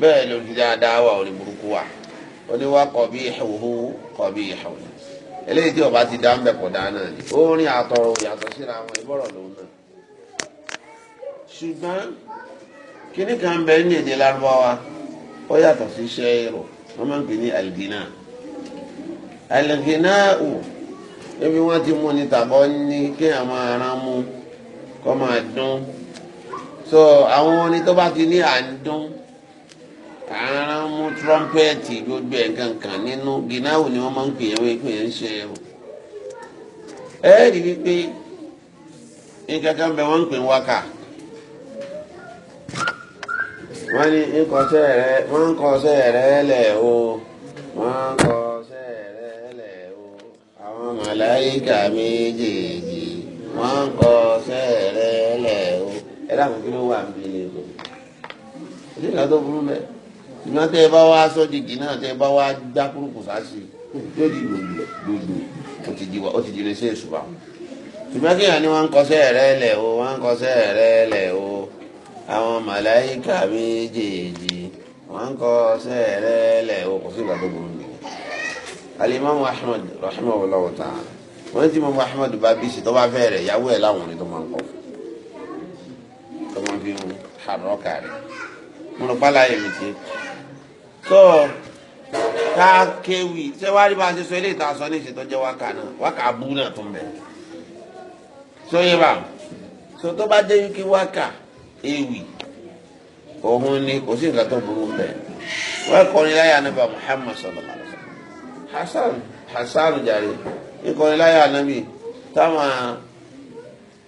Speaker 1: bẹ́ẹ̀ ló fi dáadáa wà orin burúkú wà oníwà kọ̀bí eléyìí tí ọba ti dá ń ni orin àtọ̀rọ̀ yàtọ̀ síra wọn ìbọ̀rọ̀ lòun náà bẹ ní èdè lárúbáwá ó wọ́n máa ń pè ní algina algina ò ebi wọ́n ti mú ni tàbọ̀ ní kí àwọn ará mú kọ́ máa dún so àwọn oní tó bá ti ní à ń dún ará mú trọ́mpẹ́ẹ̀tì gbogbo ẹ̀ kankan nínú gina ò ní wọ́n máa ń pè é wọ́n pè é ń ṣe o ẹ rí wípé nǹkan kan bẹ wọ́n ń pè wákà wọ́n ní nkọ́sẹ́ rẹ wọ́n ń kọ́sẹ́ rẹ lẹ̀ o wọ́n ń kọ́sẹ́ rẹ lẹ̀ o àwọn màláyíkà méjèèjì wọ́n ń kọ́sẹ́ rẹ lẹ̀ o ẹ dáhùn kí ló wà ń bi o ṣé ìgbà tó burú bẹ́ẹ̀ ìgbà tẹ́ ẹ bá wá sọ́dìgì náà tẹ́ ẹ bá wá gbá kúrúkù sáṣì yóò di gbogbo gbogbo ó ti di wa ó ti di lè ṣe èṣù wa ṣùgbọ́n kí ni wọ́n ń kọ́sẹ́ rẹ lẹ̀ o wọ́n ń rẹ lẹ̀ o àwọn màláìkà méjèèjì wọ́n ń kọ́ sẹ́ẹ̀rẹ́lẹ̀ o kò sí ìgbà tó burú nìyẹn. alimami ahmed rahimahullah ta'ala wọ́n ti mọ ahmed babisi tó bá fẹ́ rẹ̀ yàwó ẹ̀ láwọn ni tó máa ń kọ́ tó máa fi ń harọ́kà rẹ̀ mo lọ pálá yẹn mi ti tó ká kéwì ṣé wàá rí bá a ṣe sọ eléyìí tá a sọ ní ìṣètò jẹ́ wákà náà wákà abú tó ń bẹ̀ sóyè bá so tó bá jẹ́ yìí kí wákà ewì òhun ni kò sí nǹkan tó burú bẹ́ẹ̀ wọ́n kọrin láyà nípa Muhammad sallallahu alaihi wasallam hasan hasan jàre ìkọrin láyà níbi táwọn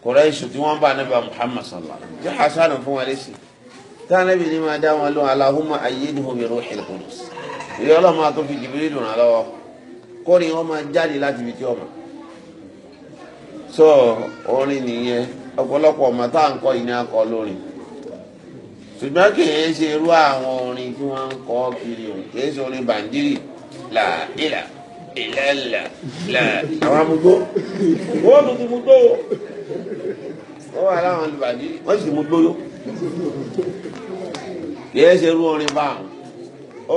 Speaker 1: kùrẹ́ṣù tí wọ́n bá nípa Muhammad sallallahu alaihi wasallam jẹ́ hasan fún wa lẹ́sìn tánàbì ni máa dá wọn lóhùn Allahumma ayyidhu bi ruhil qudus ìyá ọlọ́mọ tó fi jìbìrì dùn án lọ́wọ́ kọ́ni wọ́n máa jáde láti ibi tí ọmọ so orin nìyẹn ọ̀pọ̀lọpọ̀ ọmọ tá à ń kọ yìí ni a kọ lórin ṣùgbọ́n kì í ṣe irú àwọn orin tí wọ́n ń kọ kiri o kì í ṣe orin bàǹdírì là ìlà ìlà ìlà là àwọn amúgbó wọ́n tún ti mú tó o wọ́n wà láwọn bàǹdírì wọ́n sì mú gbóyó kì í ṣe irú orin báwọn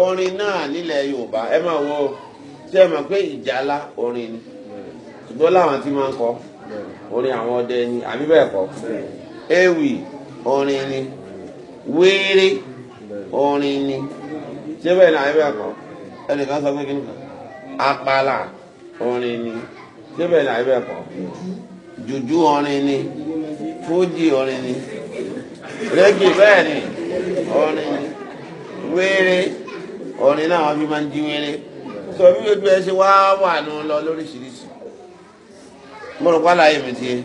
Speaker 1: orin náà nílẹ̀ Yorùbá ẹ máa wo ṣé ẹ mọ̀ pé ìjálá orin ni ṣùgbọ́n láwọn tí máa ń kọ orin àwọn ọdẹ ni àbí bẹ́ẹ̀ kọ́ ewì orin ni wéré orin ni ṣé bẹ́ẹ̀ ni àbí bẹ́ẹ̀ kọ́ ẹnìkan sọ pé kí ni apala orin ni ṣé bẹ́ẹ̀ ni àbí bẹ́ẹ̀ kọ́ jùjú orin ni fújì orin ni rẹ́gì bẹ́ẹ̀ ni orin ni wéré orin náà wọ́n fi máa ń jí wéré sọ bí ojú ẹ ṣe wá wà nù lọ lóríṣiríṣi mo rò pálá yìí mi ti yẹ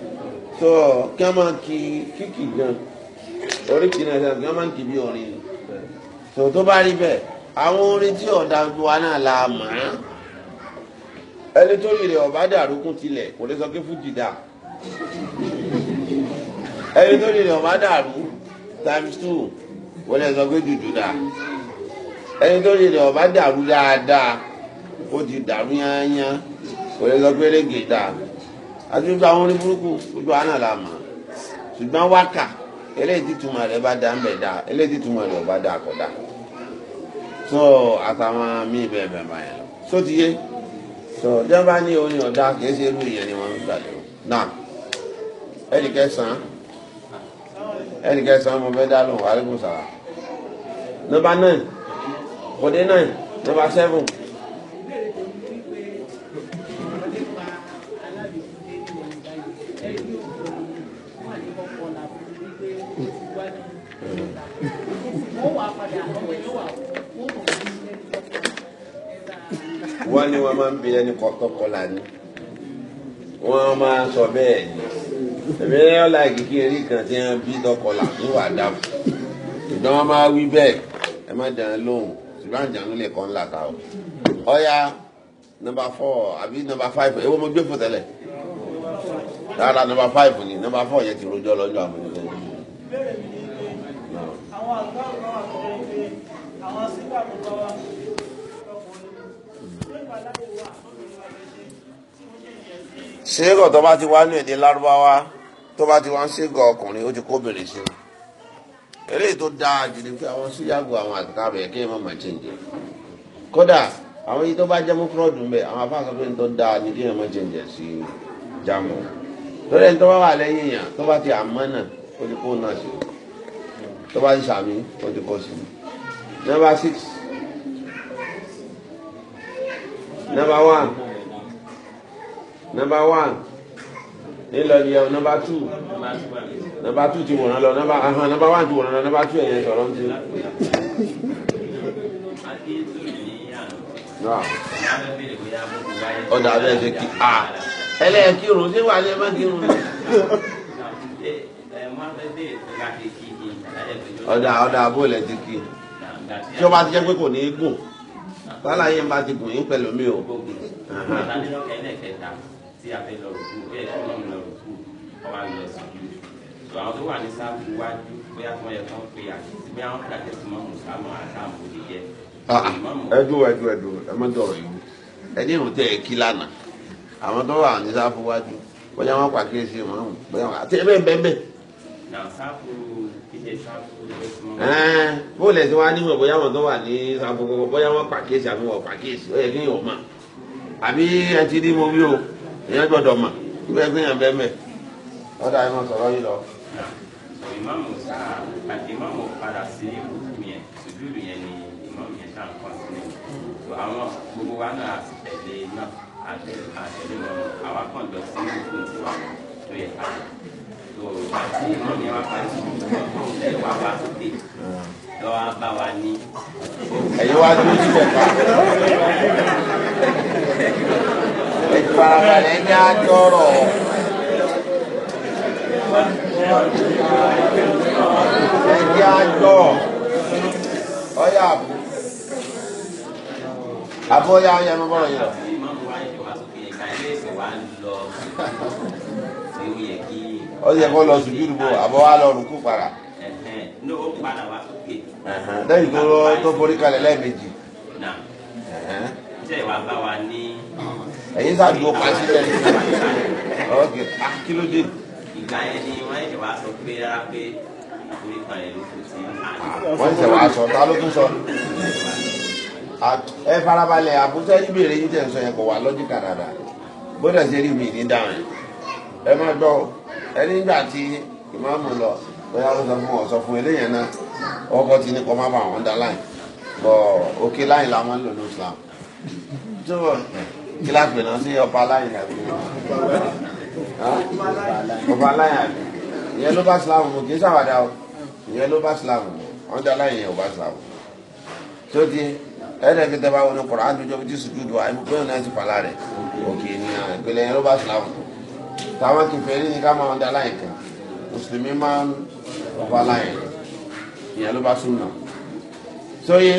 Speaker 1: tó kí wọ́n máa kí kíkì gan orí kì náà sẹ́yìn kí wọ́n máa kì bí orin yìí tó tó bá rí bẹ́ẹ̀ àwọn orin tí ọ̀dà wa náà la mọ̀ án ẹni tó rí rẹ̀ ọ̀bá dàrúkún tilẹ̀ kò lè sọ pé fújì dà ẹni tó rí rẹ̀ ọ̀bá dàrú times two kò lè sọ pé dùdù dà ẹni tó rí rẹ̀ ọ̀bá dàrú dáadáa ó ti dàrú yányá kò lè sọ pé rẹ́gẹ̀dà àti gbogbo àwọn oníburúkú gbogbo àná la mọ̀ ṣùgbọ́n wákà eléyìí tí túmọ̀ rẹ̀ bá dá ń bẹ̀ dá eléyìí tí túmọ̀ rẹ̀ bá dá kọ̀ dá so àtàwọn míì bẹ́ẹ̀ bẹ́ẹ̀ bá yẹn lọ so ti yé so dẹ́nba ní oyin ọ̀dá kìí ṣe irú ìyẹn ni wọ́n ń gbà lérò o ẹnì kẹsàn-án ẹnì kẹsàn-án mo fẹ́ dá lóhùn alẹ́kùn sàrà nọ́mbà nine kòdé nine nọ́mbà seven. ní wọ́n máa ń bi ẹni kọ́tọ́kọ́lá ni wọ́n máa ń sọ bẹ́ẹ̀ ni ẹ̀mí ẹ̀yọ́ láìkí kí eré kan ti hàn bí tọkọ̀lá níwà dáàbò ìdán wọn máa wí bẹ́ẹ̀ ẹ má dàn án lóhùn ṣùgbọ́n àjàn lè kọ́ ńlá ta o ọ̀ya nọmba fọ́ àbí nọmba fáìfù ewu mo gbé fò tẹ́lẹ̀ nọmba fáìfù ni nọmba fọ́ yẹn ti rojọ́ lọ́jọ́ àmọ́ nígbà yẹn. àwọn àgbà ọ̀gá wà lórí àwọn sígbà tó kọ́ ṣéégọ̀ tó bá ti wá ní èdè lárúbáwá tó bá ti wá ń ṣéégọ̀ ọkùnrin ó ti kóbìnrin sí i eléyìí tó dáa jù ni pé àwọn síyàgò àwọn àtàkà bẹ̀ kí ẹ má má jẹ̀ǹjẹ̀ kódà àwọn yìí tó bá jẹ́ mọ́kúrọ́dù mbẹ́ àwọn afáàkọ́ pé tó dáa ni kí ẹ má jẹ̀ǹjẹ̀ sí jámọ́ lórí ẹni tó bá wà lẹ́yìn yàn tó bá ti àmọ́ náà ó ti kó náà sí tó bá ti sàmì ó ti kó sí number six number one number one nílọlẹ ọ number two number two ti wòran lọ number number one ti wòran lọ number two ẹ̀yẹn sọ̀rọ̀ ń ti. ọ̀dà bẹ́ẹ̀ ṣe kí a ẹlẹ́ẹ̀kírun ṣé wà ní ẹ má kírun ọ̀dà ọ̀dà abó ilẹ̀ ti kí tí ó bá ti jẹ́ pé kò ní í gùn báláyé ń bá ti gùn yín pẹ̀lú mi o tí a fẹ́ lọ rùkú bẹ́ẹ̀ tí wọ́n lọ rùkú wọ́n máa lọ sùkú tó àwọn tó wà ní sáàbù wájú bóyá tí wọ́n yẹ kán pé àkíyèsí bóyá wọ́n kàkẹ́ sí mọ́mù sáàmù àtàmù òdìyẹ. ẹdùn ẹdùn ẹdùn ẹ má dọ̀rọ̀ yìí ẹdín ìhùn tẹ ẹ kí lánàá àwọn tó wà ní sáàbù wájú bóyá wọ́n pàkíyèsí mọ́mù bóyá wọ́n àti ẹbẹ̀ bẹ́ẹ̀ bẹ́ẹ̀. bóòlù ẹ̀sìn wa nímọ̀ bóyá wọn tó wà ní sáàbù bóyá wọn pàkíyèsí àbí wọn pàkíyèsí ó yẹ kí yìí wọ́n mọ̀ àbí ẹ ti ní mo wí o ìyẹn gbọ́dọ̀ mà ìgbà ẹgbẹ́ yẹn bẹ́ẹ̀ mẹ́ ọ̀dà ẹ̀ mọ̀ sọ̀rọ̀ yìí lọ. ìmáàmù sáà àti ìmáàmù padà sí ìlú yẹn sùdúrù yẹn ni ìmáàmù yẹn sáà ń kọ́ sílẹ̀ tó àwọn gbogbo wa náà tẹ̀lé náà àtẹ̀lé wọn àwa kàn lọ sí ìlú tiwa tó yẹ ká tó àti ìmáàmù yẹn wá parí sùdúrù ẹ̀ wá wá sókè lọ́wọ́ bá wa ní. ẹ̀yin wá dúró síbẹ̀ ká ìfarabalẹ̀ ní àjọrọ̀. Ẹ̀jẹ̀ àjọ ọ̀yà àbọ̀ ọ̀yà ọ̀yà ẹ̀mọ́ bọ̀rọ̀ yẹn. Ó yẹ kó lọ sùjúdù bò àbọ̀ wa lọ rùkú para. Lẹ́yìn tó tó borí kalẹ̀ lẹ́ẹ̀mejì. Ṣé ìwà bá wa ní ẹ̀yin sáà dúró pa sílẹ̀ ní ok kí ló dé. ìgbà yẹn ni wọ́n ṣe wá sọ pé rárá pé orí kan yẹn ló kù sí. wọ́n ṣe wá sọ ta ló tún sọ ẹ farabalẹ̀ àbúṣe ìbéèrè yín tẹ̀ ń sọ yẹn kò wá lọ́jìkà dáadáa bóde ṣe rí mi ní dáhùn ẹ má gbọ́ ẹni gbà tí ìmáàmù lọ bóyá ó sọ fún ọ sọ fún eléyẹn náà ọkọ ti ní kọ má bà wọn dá láì bọ òkè láì la máa ń lò ní Islam kí la pè náà sí ọba aláyàn àbí ọba aláyàn àbí ìyẹn ló bá sílámù mu kì í ṣàwàdà o ìyẹn ló bá sílámù mu wọn dá aláyàn yẹn ò bá sílámù mu tó di ẹ̀ẹ́dẹ̀ kí tẹ́lá wọn kọ̀rọ̀ àdójọ́ bí jésù dúdú àyè mú pẹ́yìn náà ti fàlà rẹ̀ òkè ènìyàn ìpìlẹ̀ yẹn ló bá sílámù mu táwọn kìfẹ́ rí ni ká máa dá aláyàn kan mùsùlùmí máa ń ọba aláyàn ìyẹn ló bá súnmọ́ sóyè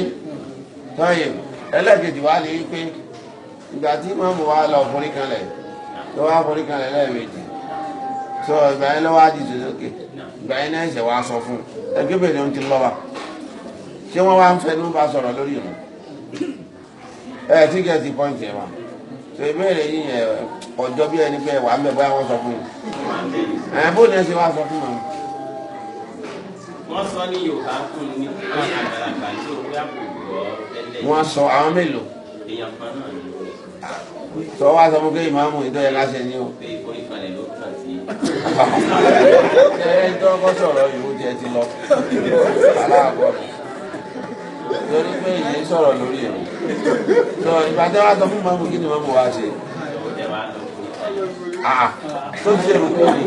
Speaker 1: táyè ẹlẹ́kejì wá lè yí pé ìgbà tí mọ́mù wa lọ forí kanlẹ̀ ló wá forí kanlẹ̀ lẹ́ẹ̀mejì tó ìgbà yẹn lọ́wọ́ àdìtò lókè ìgbà yẹn náà ṣẹ̀ wá sọ fún ẹgbẹ́ bèèrè ohun ti lọ́wọ́ ṣé wọ́n wá ń fẹnu bá sọ̀rọ̀ lórí ìlú ẹ ti gẹ̀ ti pọ́ǹtì ẹ̀ wá tó ìbéèrè yìí yẹn ọjọ́ bí ẹni pé wà á mẹ́ bóyá wọ́n sọ fún yìí ẹ̀ bó ni ẹ ṣe wá sọ fún màmú. wọ́n sọ ní Yorùbá kùn ní wọ́n sọ àwọn mélòó. èèyàn kan náà ni sọ wá sọ fún pé ìmáàmù ìdọ́yẹ láṣẹ ní o. pé ìforífalẹ̀ ló kà sí. ẹ tọ́kọ́ sọ̀rọ̀ ìwú tiẹ̀ ti lọ aláàbọ̀ lórí pé ìyẹn sọ̀rọ̀ lórí ẹ̀ sọ ìbàdàn wa sọ fún ìmáàmù kí ni ìmáàmù wa ṣe. tó ti ṣe rúkú ni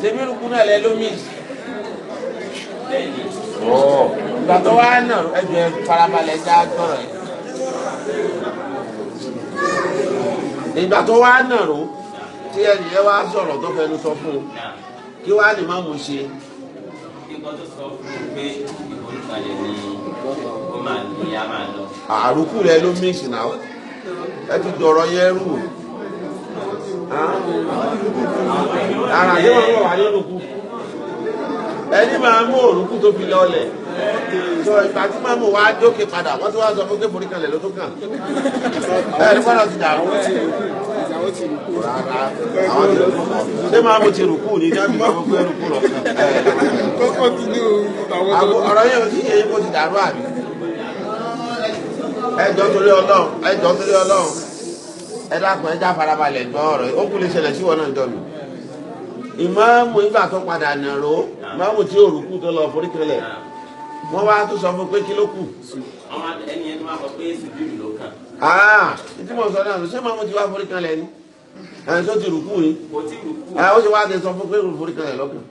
Speaker 1: ṣebí rúkú náà lẹ lómi. ìgbà tó wá náà ẹ jẹ́ farabalẹ̀ já tọ̀rọ̀ yìí ìgbà tó wá nàró tí ẹnìyẹn wá sọ̀rọ̀ tó fẹnu sọ fún un kí wá ní má mo ṣe. àrùkù rẹ ló mix náà ẹ ti dọ̀rọ̀ yẹn rù ara yóò wà nínú kú ẹni máa mú òrùkù tó fi lọ́lẹ̀ so ìgbà tí mọ́mú wa jókè padà wọ́n ti wá sọ fún pé kan lẹ̀ ló tó kàn ẹ ti dàrú àwọn ti rùkú ṣé máa mo ti rùkú ní jáde máa mo gbé rùkú lọ. kókó ti ní àwọn ọ̀rọ̀ yẹn ò sí èyí kó ti dàrú àbí. ẹjọ́ torí ọlọ́run ẹjọ́ torí ọlọ́run ẹ dákun ẹjá farabalẹ̀ gbọ́ ọ̀rọ̀ ó kú lè ṣẹlẹ̀ sí wọn náà jọ mi ìmáàmù ìgbà tó padà nàró wọ́n wá tó sọ fún pé kí ló kù. ọmọ ẹni ẹni máa sọ pé sùjúdù ló kàn. aa ah, títí mo sọ náà ṣé màmú ti wá forí kan lẹ̀ ni ẹ̀ ṣó ti rùkú yìí. kò tí rùkú. ẹ ó ti wá ti sọ fún pé forí kan lẹ̀ lọ́kàn.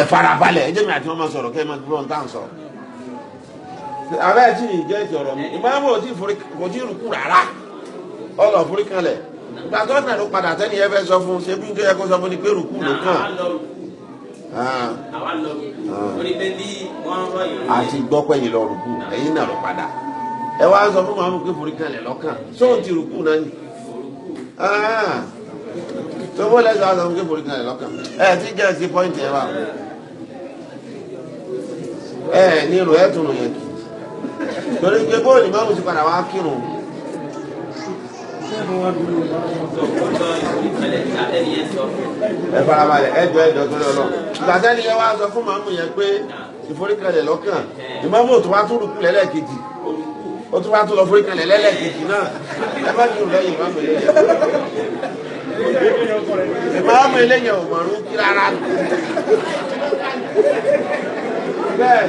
Speaker 1: ẹ farabalẹ̀ ẹ jẹ́ mi àti wọn máa sọ̀rọ̀ kẹ́ ẹ máa gbọ́ ohun tá à ń sọ. abẹ́ tí ì jẹ́ ti ọ̀rọ̀ mi ìmáàmù ò tí rùkú rárá ọlọ forí kan lẹ̀ gbàtọ́ náà ló padà tẹ́ni ẹ fẹ́ sọ fún ṣe bí tó yẹ kó sọ fún ni pé rùkú ló kàn àwa ah. lọ orí pé bí wọ́n rọ ìròyìn. àti gbọ́ pé yìí lọ rùkú ẹ̀yin náà lọ padà ẹ wá sọ fún màmú pé forí kalẹ̀ lọ́kàn sóun ti rùkú náà ni tó bó lẹ́sọ̀ àwọn ọmọdé forí kalẹ̀ lọ́kàn ẹ ti jẹ́ sí pọ́ìntì ẹ wá ẹ ní ìrò ẹ̀ tún yẹn torí pé bóyá ìmọ̀ ọ̀hún ti padà wá kírun ẹ farabalẹ̀ ẹ jọ ẹ jọ tó lọ lọ ìgbàdá ni ẹ wá sọ fún màmú yẹn pé ìforíkalẹ̀ lọ́kàn ìmọ̀mú tó wá tún rúkú lẹ́lẹ́kejì ó tún wá tún lọ foríkalẹ̀ lẹ́lẹ́kejì náà ẹ má kí n lẹ́yìn màmú eléyìí màmú eléyìí ò mọ̀rún kí rárá bẹ́ẹ̀.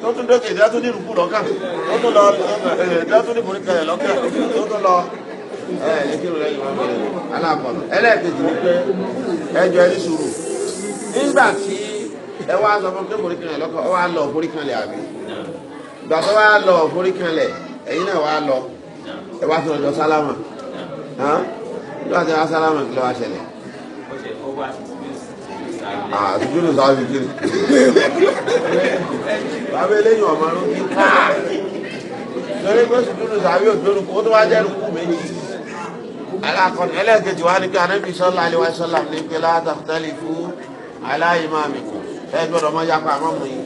Speaker 1: tó tún dókè ìdá tó ní ìrùkú lọ́kàn tó tún lọ ìdá tó ní ìforí kalẹ̀ lọ́kàn tó tún lọ alábọ̀nà ẹlẹ́ẹ̀kejì ni pé ẹjọ́ ẹni sùúrù nígbà tí ẹ wá sọ fún pé forí kalẹ̀ lọ́kàn ọ wá lọ forí kalẹ̀ àbí ìgbà tó wá lọ forí kalẹ̀ ẹ̀yin náà wá lọ ẹ wá sọ̀rọ̀ jọ sálámà nígbà tí wá sálámà kí ló wá ṣẹlẹ̀ àtúntò sáà fi kiri bàbá eléyìí ọmọ ló fi ká lórí pé sùdúrù sàbí òjòrò kó tó wá jẹ́ rúkú méjì alákọ̀ọ́nù ẹlẹ́ẹ̀kejì wá ní pé anábì sọ́lá alẹ́ wáyé sọ́lá ní pé látàkùtẹ́lì fún aláìmáàmì kù ẹ gbọ́dọ̀ mọ́ yapa mọ́mú yìí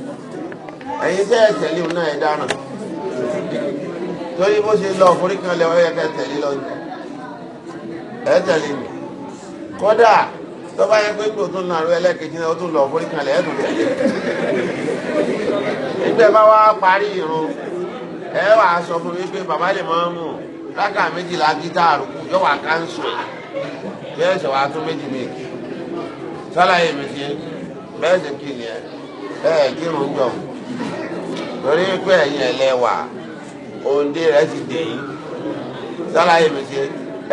Speaker 1: ẹ̀yin tẹ́ ẹ tẹ̀lé òun náà ẹ dáná torí bó ṣe lọ òfurufú kan lẹ́wọ́ yẹ kẹ́ tẹ̀lé lọ́jọ́ ẹ tẹ̀lé mi kódà tó bá yẹ pé gbò tó nàró ẹlẹ́kejì náà ó tún lọ forí kanlẹ̀ ẹ̀dùn lẹ̀ nígbà bá wá parí irun ẹ wà sọ fún mi pé bàbá lè máa mú rákà méjìlá gítà àrùkù yóò wá káńsù bẹ́ẹ̀ ṣe wá tún méjì mi sálàyé mi bẹ́ẹ̀ kì bẹ́ẹ̀ kí irun jọ torí pé òǹdè ti dè yín sálàyé mi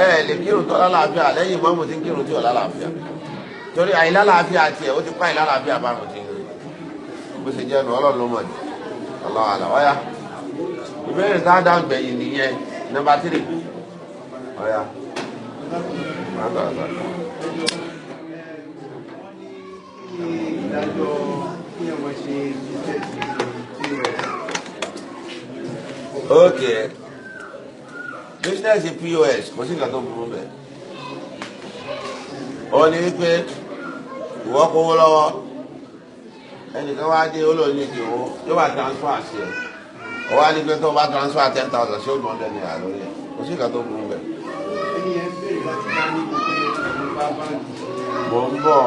Speaker 1: ẹ lè kírun tó lálàáfíà lẹ́yìn torí àìlálàáfíà tiẹ̀ ó ti kọ́ àìlálàáfíà bárùn ti rí bó ṣe jẹ́ nu ọlọ́run ló mọ̀ ní ọlọ́run àlọ́ ọ̀yá ìbéèrè tá a dá gbẹ̀yìn nìyẹn nọ́mbà tírì ọ̀yá. ìdájọ́ okay business pos kò sí nǹkan tó burú bẹ́ẹ̀ ọ ní wípé wọ́n kówó lọ́wọ́ ẹnìkan wá dé ó lọ owó yóò bá transfer sí ẹ ọ wá ní pé tó bá transfer ten thousand ṣé ó gbọ́n dẹ́ni rà lórí ẹ kò sí ìka tó burú bẹ́ẹ̀. mo ń bọ̀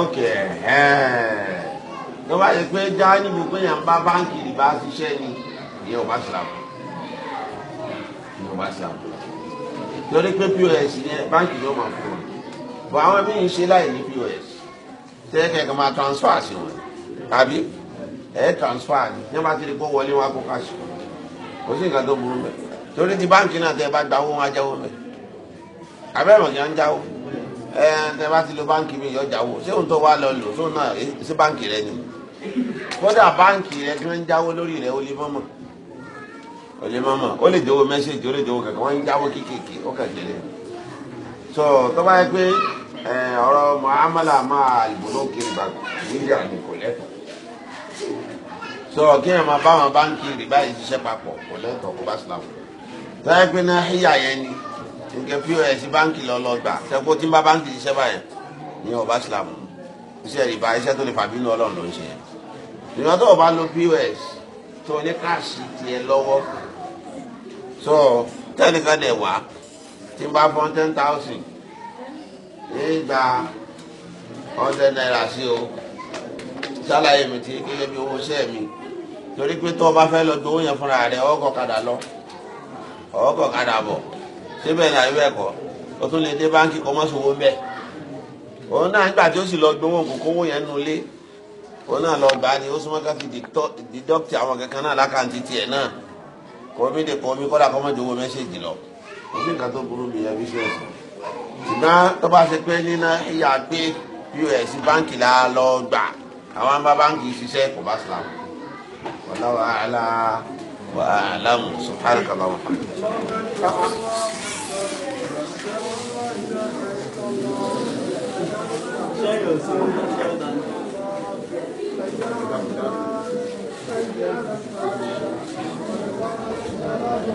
Speaker 1: ok tó bá yẹ pé já níbi pé yàn bá báńkì rí bá ṣiṣẹ́ ni ìyẹn ò bá ṣàlàbù ìyẹn ò bá ṣàlàbù torí pé pos yẹn báńkì yóò máa fún wọn bọ̀ àwọn ẹbí yìí ṣe láì ní pos. tẹ́ ma máa transfer sí wọn tàbí ẹ̀ transfer ni ní bá ti di kó wọlé wọn kó káṣí kò sí nǹkan tó burú mẹ́ torí ti báńkì náà tẹ́ bá gbawó wọn ajáwó mẹ́ abẹ́rẹ́ mọ̀ kí wọ́n jáwó ẹ̀ tẹ́ bá ti lo báńkì mi yọ jáwó ṣé òun tó wá lọ lò sóun náà sí eh, báńkì rẹ ni kódà báńkì rẹ kí wọ́n jáwó lórí rẹ ó lè ó lè ó lè ó lè wọ́n ń jáwó kéékèèké ó ọ̀rọ̀ muamala máa ìbùdó kiri bá níjà ní kò lẹ́tọ̀ sọ̀rọ̀ kí ẹ̀ máa bá wọn báńkì rí báyìí ṣiṣẹ́ papọ̀ kò lẹ́tọ̀ kó bá sùlámù táyà pé náà híyà yẹn ni nǹkan pọ́s báńkì lọ́lọ́ gbà sẹ́kó tí ń bá báńkì ṣiṣẹ́ báyẹn ní ọba sùlámù iṣẹ́ ìbá iṣẹ́ tó lè fà bínú ọlọ́run ló ń ṣe yẹn ìgbà tó o bá lo pọ́s tó ní káàsì tiẹ̀ lọ́wọ́ sọ tẹ́nìkan dẹ̀ wá tí ń bá fọ́n ten thousand nígbà hundred naira sí o ṣàlàyé mi ti kéde bí owó iṣẹ́ mi torí pé tó o bá fẹ́ lọ gbowó yẹn fúnra rẹ̀ ọkọ̀ kadà lọ ọkọ̀ kadà bọ̀ síbẹ̀ náà ibẹ̀ kọ́ o tún lè dé báńkì kọ́ mọ́ sówó bẹ́ẹ̀ òun náà nígbà tí ó sì lọ gbowó kókówó yẹn nu ilé òun náà lọ gbà ni ó súnmọ́ ká fi dìdọ́kítì àwọn kankan náà lákàntì tiẹ̀ náà kọ́ mi dè kọ́ mi kọ́ dà kọ́ mọ́ jowó mẹ́sẹ̀jì lọ òfin kan tó burú mi yẹn bí sẹ́ẹ̀sì ṣùgbọ́n tó bá ṣe pé níná ìyá gbé pos báǹkì la lọ gbà àwọn bá báǹkì ṣiṣẹ́ kò bá sùlám wàlá wàhálà wàhálà mùsùlùmí kàlá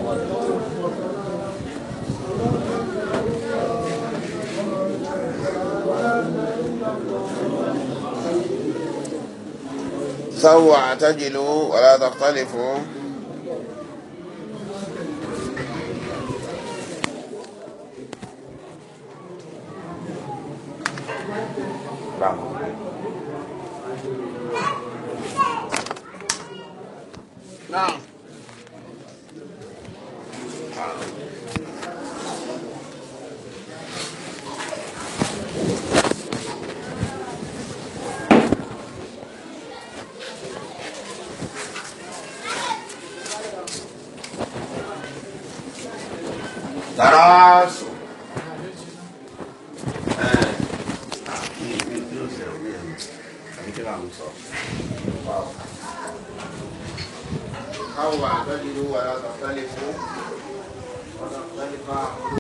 Speaker 1: Thank you. سووا واعتجلوا ولا تختلفوا نعم